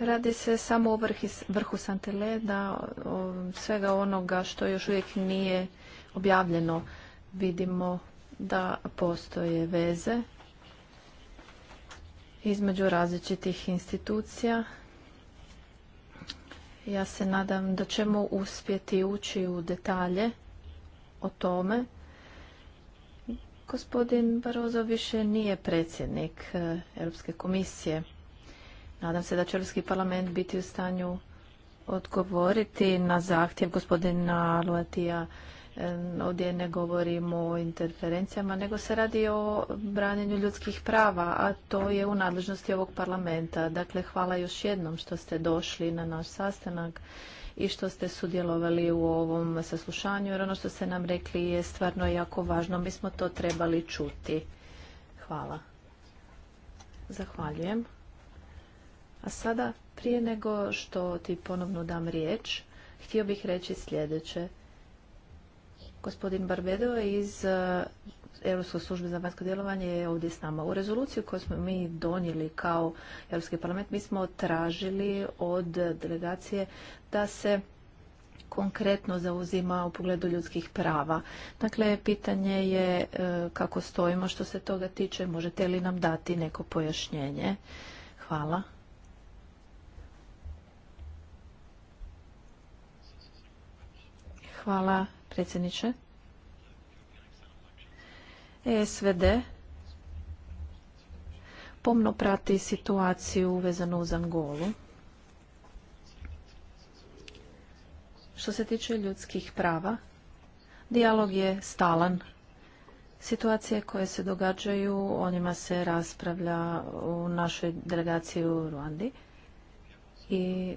Radi se samo o vrhu Sant'Ele, leda svega onoga što još uvijek nije objavljeno. Vidimo da postoje veze između različitih institucija. Ja se nadam da ćemo uspjeti ući u detalje o tome. Gospodin Barozo više nije predsjednik eh, Europske komisije. Nadam se da će Europski parlament biti u stanju odgovoriti na zahtjev gospodina Luatija. Ovdje ne govorimo o interferencijama, nego se radi o branjenju ljudskih prava, a to je u nadležnosti ovog parlamenta. Dakle, hvala još jednom što ste došli na naš sastanak i što ste sudjelovali u ovom saslušanju, jer ono što ste nam rekli je stvarno jako važno. Mi smo to trebali čuti. Hvala. Zahvaljujem. A sada, prije nego što ti ponovno dam riječ, htio bih reći sljedeće. Gospodin Barbedo iz e, Europske službe za vanjsko djelovanje je ovdje s nama. U rezoluciju koju smo mi donijeli kao Europski parlament, mi smo tražili od delegacije da se konkretno zauzima u pogledu ljudskih prava. Dakle, pitanje je e, kako stojimo što se toga tiče. Možete li nam dati neko pojašnjenje? Hvala. Hvala predsjedniče. ESVD pomno prati situaciju vezanu uz Angolu. Što se tiče ljudskih prava, dijalog je stalan. Situacije koje se događaju, o njima se raspravlja u našoj delegaciji u Ruandi. I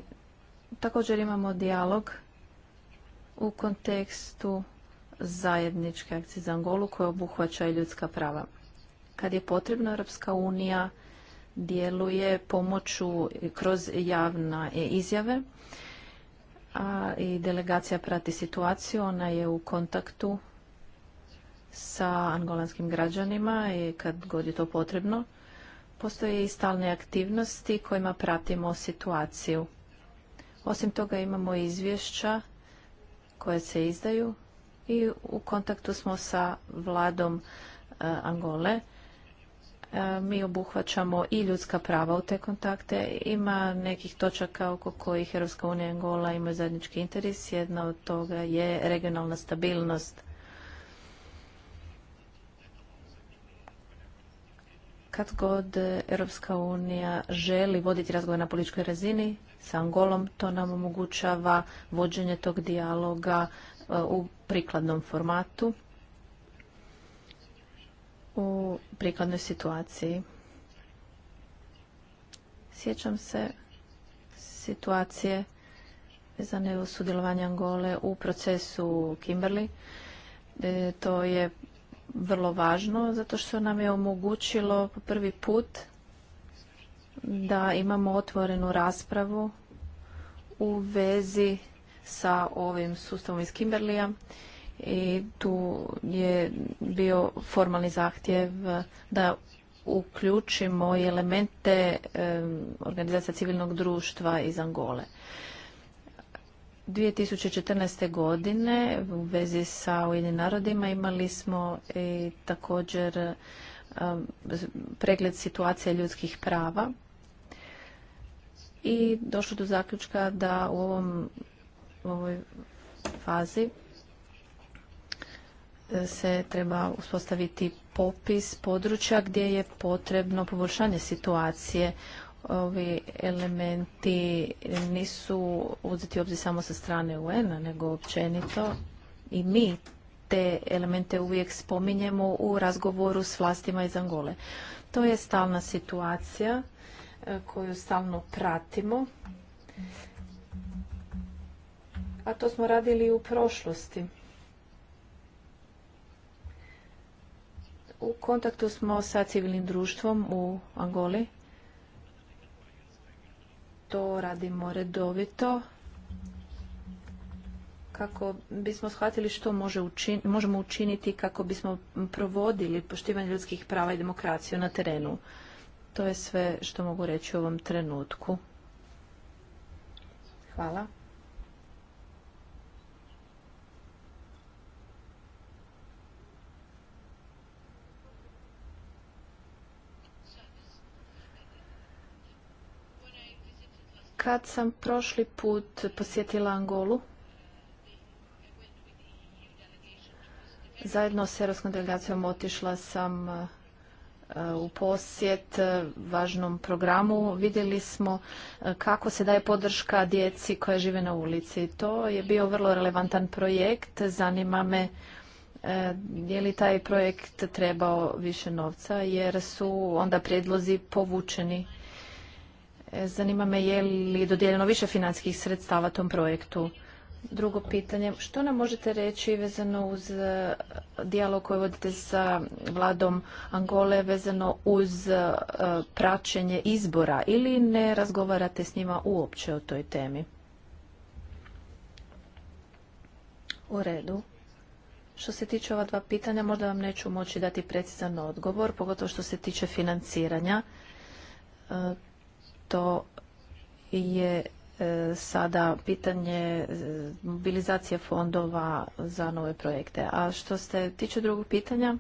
također imamo dijalog u kontekstu zajedničke akcije za Angolu koja obuhvaća i ljudska prava. Kad je potrebno, Europska unija djeluje pomoću kroz javne izjave a i delegacija prati situaciju. Ona je u kontaktu sa angolanskim građanima i kad god je to potrebno. Postoje i stalne aktivnosti kojima pratimo situaciju. Osim toga imamo izvješća koje se izdaju i u kontaktu smo sa vladom e, Angole. E, mi obuhvaćamo i ljudska prava u te kontakte. Ima nekih točaka oko kojih Europska unija i Angola imaju zajednički interes. Jedna od toga je regionalna stabilnost. Kad god Europska unija želi voditi razgovor na političkoj razini, sa Angolom, to nam omogućava vođenje tog dijaloga e, u prikladnom formatu, u prikladnoj situaciji. Sjećam se situacije za sudjelovanje Angole u procesu Kimberly. E, to je vrlo važno zato što nam je omogućilo prvi put da imamo otvorenu raspravu u vezi sa ovim sustavom iz Kimberlija i tu je bio formalni zahtjev da uključimo i elemente organizacija civilnog društva iz Angole. 2014. godine u vezi sa Ujedinim narodima imali smo i također Um, pregled situacije ljudskih prava i došlo do zaključka da u ovom ovoj fazi e, se treba uspostaviti popis područja gdje je potrebno poboljšanje situacije. Ovi elementi nisu uzeti obzir samo sa strane UN-a, nego općenito i mi te elemente uvijek spominjemo u razgovoru s vlastima iz Angole. To je stalna situacija e, koju stalno pratimo. A to smo radili u prošlosti. U kontaktu smo sa civilnim društvom u Angoli. To radimo redovito kako bismo shvatili što može možemo učiniti kako bismo provodili poštivanje ljudskih prava i demokraciju na terenu. To je sve što mogu reći u ovom trenutku. Hvala. Kad sam prošli put posjetila Angolu, Zajedno s Europskom delegacijom otišla sam e, u posjet e, važnom programu. Vidjeli smo e, kako se daje podrška djeci koja žive na ulici. To je bio vrlo relevantan projekt. Zanima me je li taj projekt trebao više novca jer su onda prijedlozi povučeni. Zanima me je li dodijeljeno više financijskih sredstava tom projektu drugo pitanje, što nam možete reći vezano uz e, dijalog koji vodite sa vladom Angole, vezano uz e, praćenje izbora ili ne razgovarate s njima uopće o toj temi? U redu. Što se tiče ova dva pitanja, možda vam neću moći dati precizan odgovor, pogotovo što se tiče financiranja. E, to je E, sada pitanje e, mobilizacije fondova za nove projekte. A što se tiče drugog pitanja,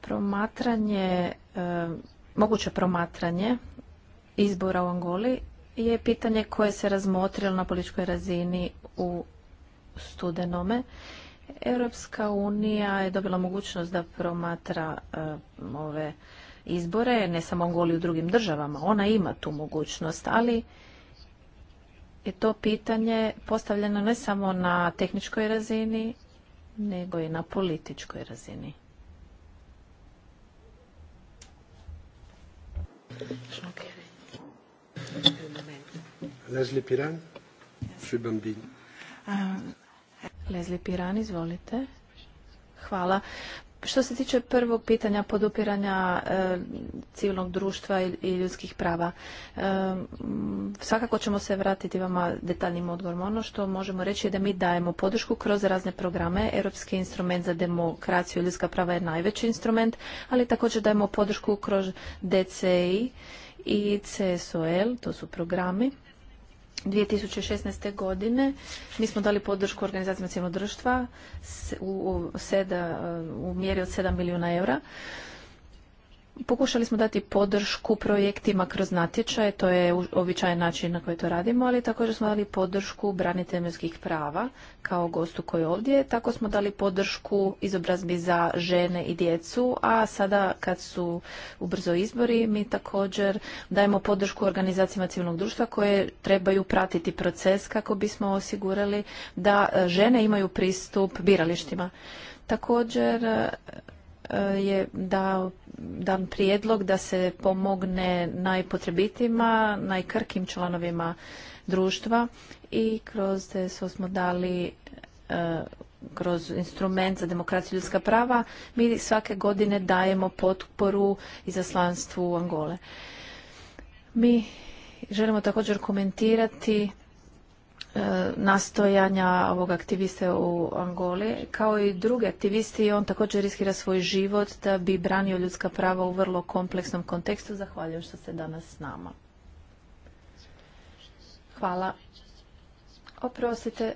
promatranje, e, moguće promatranje izbora u Angoli je pitanje koje se razmotrilo na političkoj razini u studenome. Europska unija je dobila mogućnost da promatra ove izbore, ne samo goli u drugim državama. Ona ima tu mogućnost, ali je to pitanje postavljeno ne samo na tehničkoj razini, nego i na političkoj razini. Leslie Piran, um, Leslie izvolite. Hvala. Što se tiče prvog pitanja podupiranja e, civilnog društva i, ljudskih prava, e, svakako ćemo se vratiti vama detaljnim odgovorom. Ono što možemo reći je da mi dajemo podršku kroz razne programe. Europski instrument za demokraciju i ljudska prava je najveći instrument, ali također dajemo podršku kroz DCI i CSOL, to su programi 2016. godine mi smo dali podršku organizacijama civilnog društva u, mjeri od 7 milijuna eura. Pokušali smo dati podršku projektima kroz natječaje, to je običajan način na koji to radimo, ali također smo dali podršku braniteljskih prava kao gostu koji je ovdje. Tako smo dali podršku izobrazbi za žene i djecu, a sada kad su ubrzo izbori, mi također dajemo podršku organizacijama civilnog društva koje trebaju pratiti proces kako bismo osigurali da žene imaju pristup biralištima. Također Eh, je dao dan prijedlog da se pomogne najpotrebitijima, najkrkim članovima društva i kroz što smo dali eh, kroz instrument za demokraciju i ljudska prava, mi svake godine dajemo potporu i izaslanstvu Angole. Mi želimo također komentirati E, nastojanja ovog aktiviste u Angoli. Kao i drugi aktivisti, on također riskira svoj život da bi branio ljudska prava u vrlo kompleksnom kontekstu. Zahvaljujem što ste danas s nama. Hvala. Oprostite,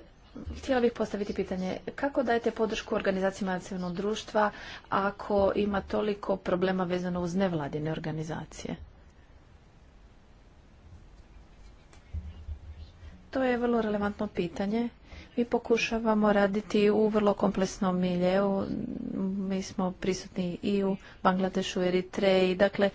htjela bih postaviti pitanje. Kako dajete podršku organizacijama civilnog društva ako ima toliko problema vezano uz nevladine organizacije? To je vrlo relevantno pitanje. Mi pokušavamo raditi u vrlo kompleksnom miljeu. Mi smo prisutni i u Bangladešu, Eritreji. Dakle,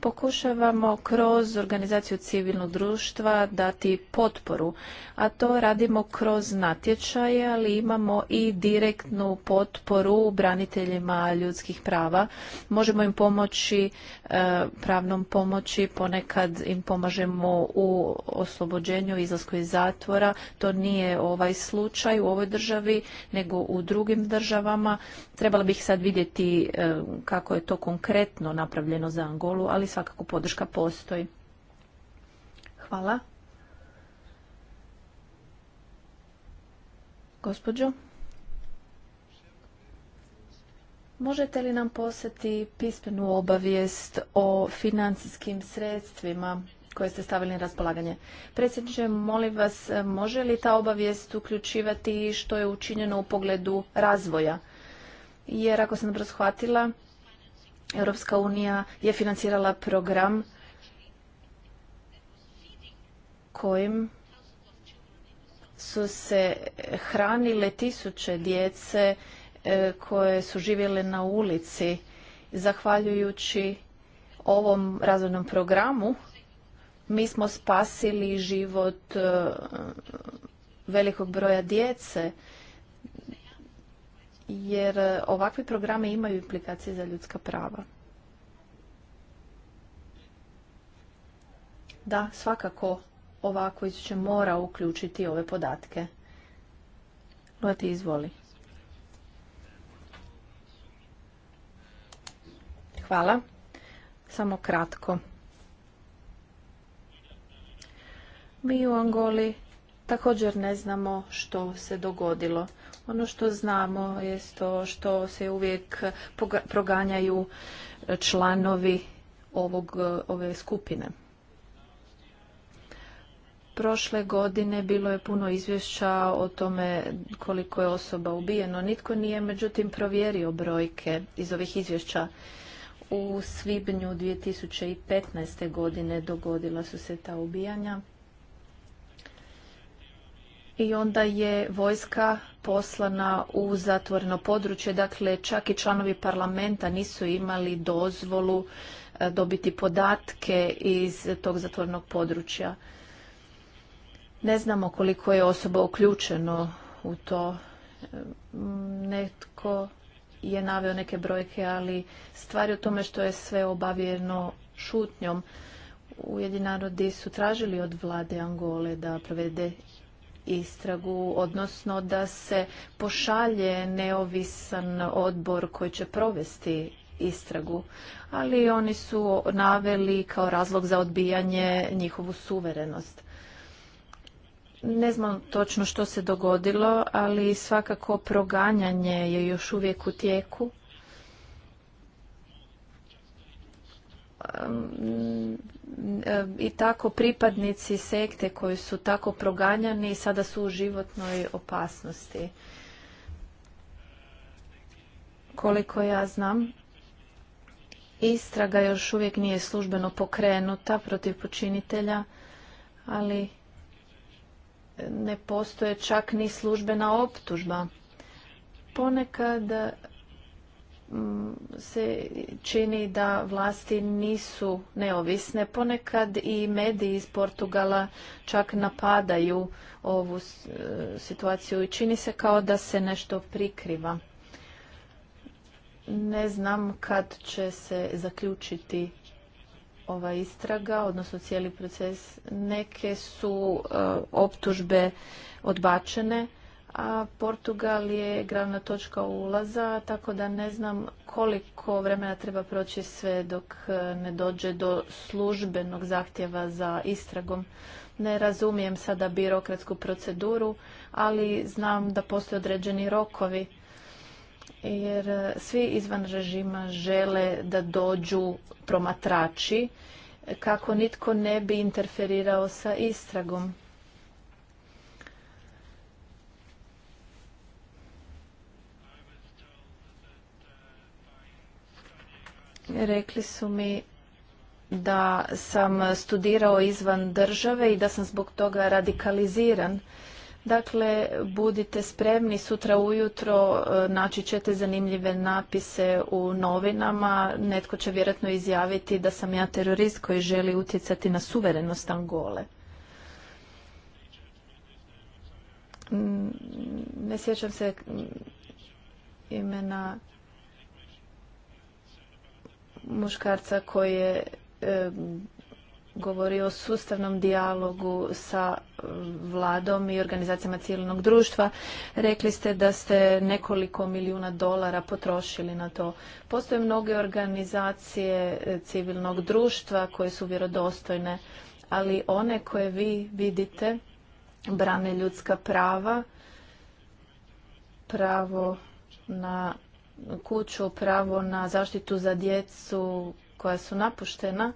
pokušavamo kroz organizaciju civilnog društva dati potporu, a to radimo kroz natječaje, ali imamo i direktnu potporu braniteljima ljudskih prava. Možemo im pomoći e, pravnom pomoći, ponekad im pomažemo u oslobođenju, izlasku iz zatvora. To nije ovaj slučaj u ovoj državi, nego u drugim državama. Trebalo bih sad vidjeti e, kako je to konkretno napravljeno za Angolu, ali svakako podrška postoji. Hvala. Gospođo? Možete li nam poslati pismenu obavijest o financijskim sredstvima koje ste stavili na raspolaganje? Predsjedniče, molim vas, može li ta obavijest uključivati što je učinjeno u pogledu razvoja? Jer ako sam dobro shvatila, Europska unija je financirala program kojim su se hranile tisuće djece e, koje su živjele na ulici. Zahvaljujući ovom razvojnom programu mi smo spasili život e, velikog broja djece jer e, ovakvi programe imaju implikacije za ljudska prava. Da, svakako ovako će mora uključiti ove podatke. ti izvoli. Hvala. Samo kratko. Mi u Angoli Također ne znamo što se dogodilo. Ono što znamo je to što se uvijek proganjaju članovi ovog, ove skupine. Prošle godine bilo je puno izvješća o tome koliko je osoba ubijeno. Nitko nije međutim provjerio brojke iz ovih izvješća. U svibnju 2015. godine dogodila su se ta ubijanja i onda je vojska poslana u zatvoreno područje, dakle čak i članovi parlamenta nisu imali dozvolu e, dobiti podatke iz tog zatvornog područja. Ne znamo koliko je osoba uključeno u to. E, netko je naveo neke brojke, ali stvari u tome što je sve obavijeno šutnjom. Ujedinarodi su tražili od vlade Angole da provede istragu, odnosno da se pošalje neovisan odbor koji će provesti istragu, ali oni su naveli kao razlog za odbijanje njihovu suverenost. Ne znam točno što se dogodilo, ali svakako proganjanje je još uvijek u tijeku. E, i tako pripadnici sekte koji su tako proganjani sada su u životnoj opasnosti. Koliko ja znam, istraga još uvijek nije službeno pokrenuta protiv počinitelja, ali ne postoje čak ni službena optužba. Ponekad Mm, se čini da vlasti nisu neovisne. Ponekad i mediji iz Portugala čak napadaju ovu e, situaciju i čini se kao da se nešto prikriva. Ne znam kad će se zaključiti ova istraga, odnosno cijeli proces. Neke su e, optužbe odbačene a Portugal je glavna točka ulaza, tako da ne znam koliko vremena treba proći sve dok e, ne dođe do službenog zahtjeva za istragom. Ne razumijem sada birokratsku proceduru, ali znam da postoje određeni rokovi jer e, svi izvan režima žele da dođu promatrači kako nitko ne bi interferirao sa istragom. Rekli su mi da sam studirao izvan države i da sam zbog toga radikaliziran. Dakle, budite spremni, sutra ujutro e, naći ćete zanimljive napise u novinama. Netko će vjerojatno izjaviti da sam ja terorist koji želi utjecati na suverenost Angole. Mm, ne sjećam se imena muškarca koji je govorio o sustavnom dijalogu sa vladom i organizacijama civilnog društva. Rekli ste da ste nekoliko milijuna dolara potrošili na to. Postoje mnoge organizacije e, civilnog društva koje su vjerodostojne, ali one koje vi vidite brane ljudska prava, pravo na kuću, pravo na zaštitu za djecu koja su napuštena.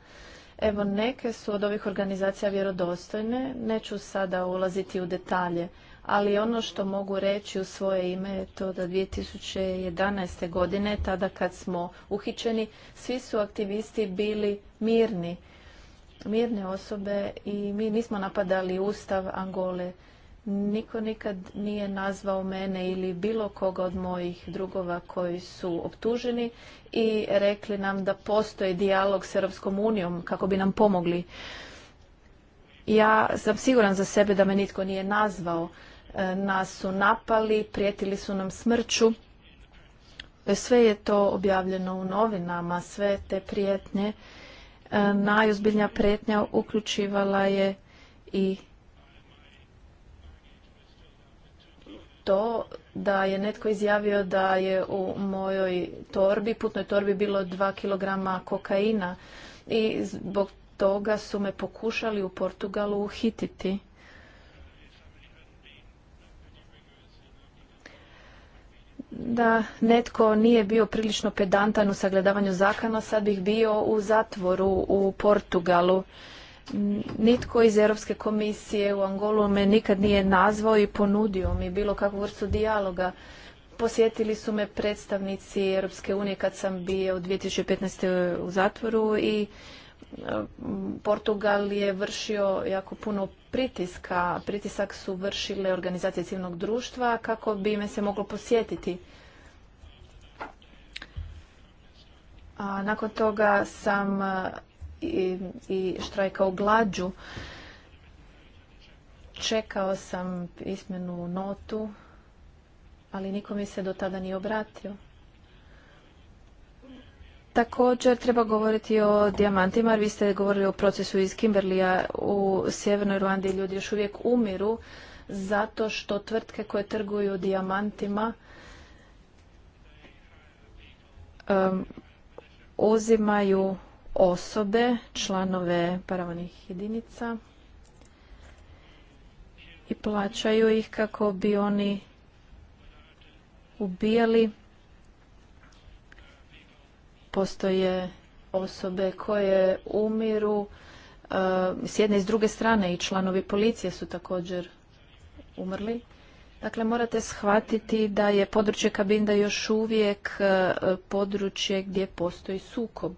Evo, neke su od ovih organizacija vjerodostojne, neću sada ulaziti u detalje, ali ono što mogu reći u svoje ime je to da 2011. godine, tada kad smo uhičeni, svi su aktivisti bili mirni, mirne osobe i mi nismo napadali ustav Angole. Niko nikad nije nazvao mene ili bilo koga od mojih drugova koji su optuženi i rekli nam da postoji dijalog s Europskom unijom kako bi nam pomogli. Ja sam siguran za sebe da me nitko nije nazvao. E, nas su napali, prijetili su nam smrću. E, sve je to objavljeno u novinama, sve te prijetnje. E, najozbiljnija prijetnja uključivala je i to da je netko izjavio da je u mojoj torbi, putnoj torbi bilo dva kilograma kokaina i zbog toga su me pokušali u Portugalu uhititi. da netko nije bio prilično pedantan u sagledavanju zakona, sad bih bio u zatvoru u Portugalu. Nitko iz Europske komisije u Angolu me nikad nije nazvao i ponudio mi bilo kakvu vrstu dijaloga. Posjetili su me predstavnici Europske unije kad sam bio u 2015. u zatvoru i e, Portugal je vršio jako puno pritiska. Pritisak su vršile organizacije civilnog društva kako bi me se moglo posjetiti. A nakon toga sam e, i, štrajkao glađu. Čekao sam pismenu notu, ali niko mi se do tada nije obratio. Također treba govoriti o dijamantima, jer vi ste govorili o procesu iz Kimberlija u Sjevernoj Ruandi. Ljudi još uvijek umiru zato što tvrtke koje trguju dijamantima um, uzimaju osobe, članove paravanih jedinica i plaćaju ih kako bi oni ubijali. Postoje osobe koje umiru eh, s jedne i s druge strane i članovi policije su također umrli. Dakle, morate shvatiti da je područje Kabinda još uvijek eh, područje gdje postoji sukob.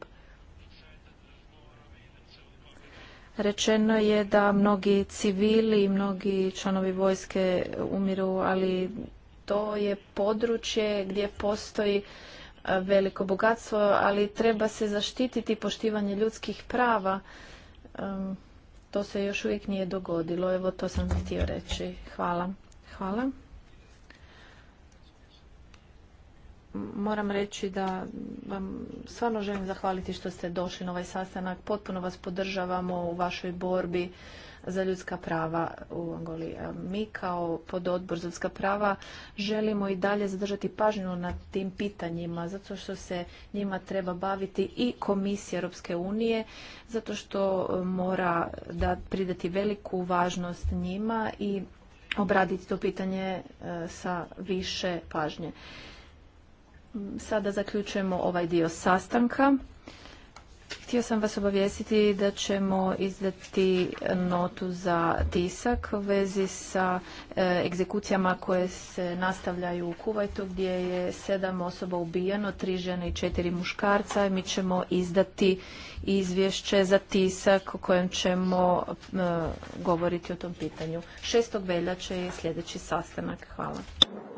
Rečeno je da mnogi civili i mnogi članovi vojske umiru, ali to je područje gdje postoji e, veliko bogatstvo, ali treba se zaštititi poštivanje ljudskih prava. To se još uvijek nije dogodilo. Evo to sam htio reći. Hvala. Hvala. moram reći da vam stvarno želim zahvaliti što ste došli na ovaj sastanak. Potpuno vas podržavamo u vašoj borbi za ljudska prava u Angoli. Mi kao pododbor za ljudska prava želimo i dalje zadržati pažnju na tim pitanjima, zato što se njima treba baviti i Komisija Europske unije, zato što e, mora da pridati veliku važnost njima i obraditi to pitanje e, sa više pažnje sada zaključujemo ovaj dio sastanka. Htio sam vas obavijestiti da ćemo izdati notu za tisak u vezi sa e, egzekucijama koje se nastavljaju u Kuvajtu gdje je sedam osoba ubijeno, tri žene i četiri muškarca. Mi ćemo izdati izvješće za tisak o kojem ćemo e, govoriti o tom pitanju. 6. veljače je sljedeći sastanak. Hvala.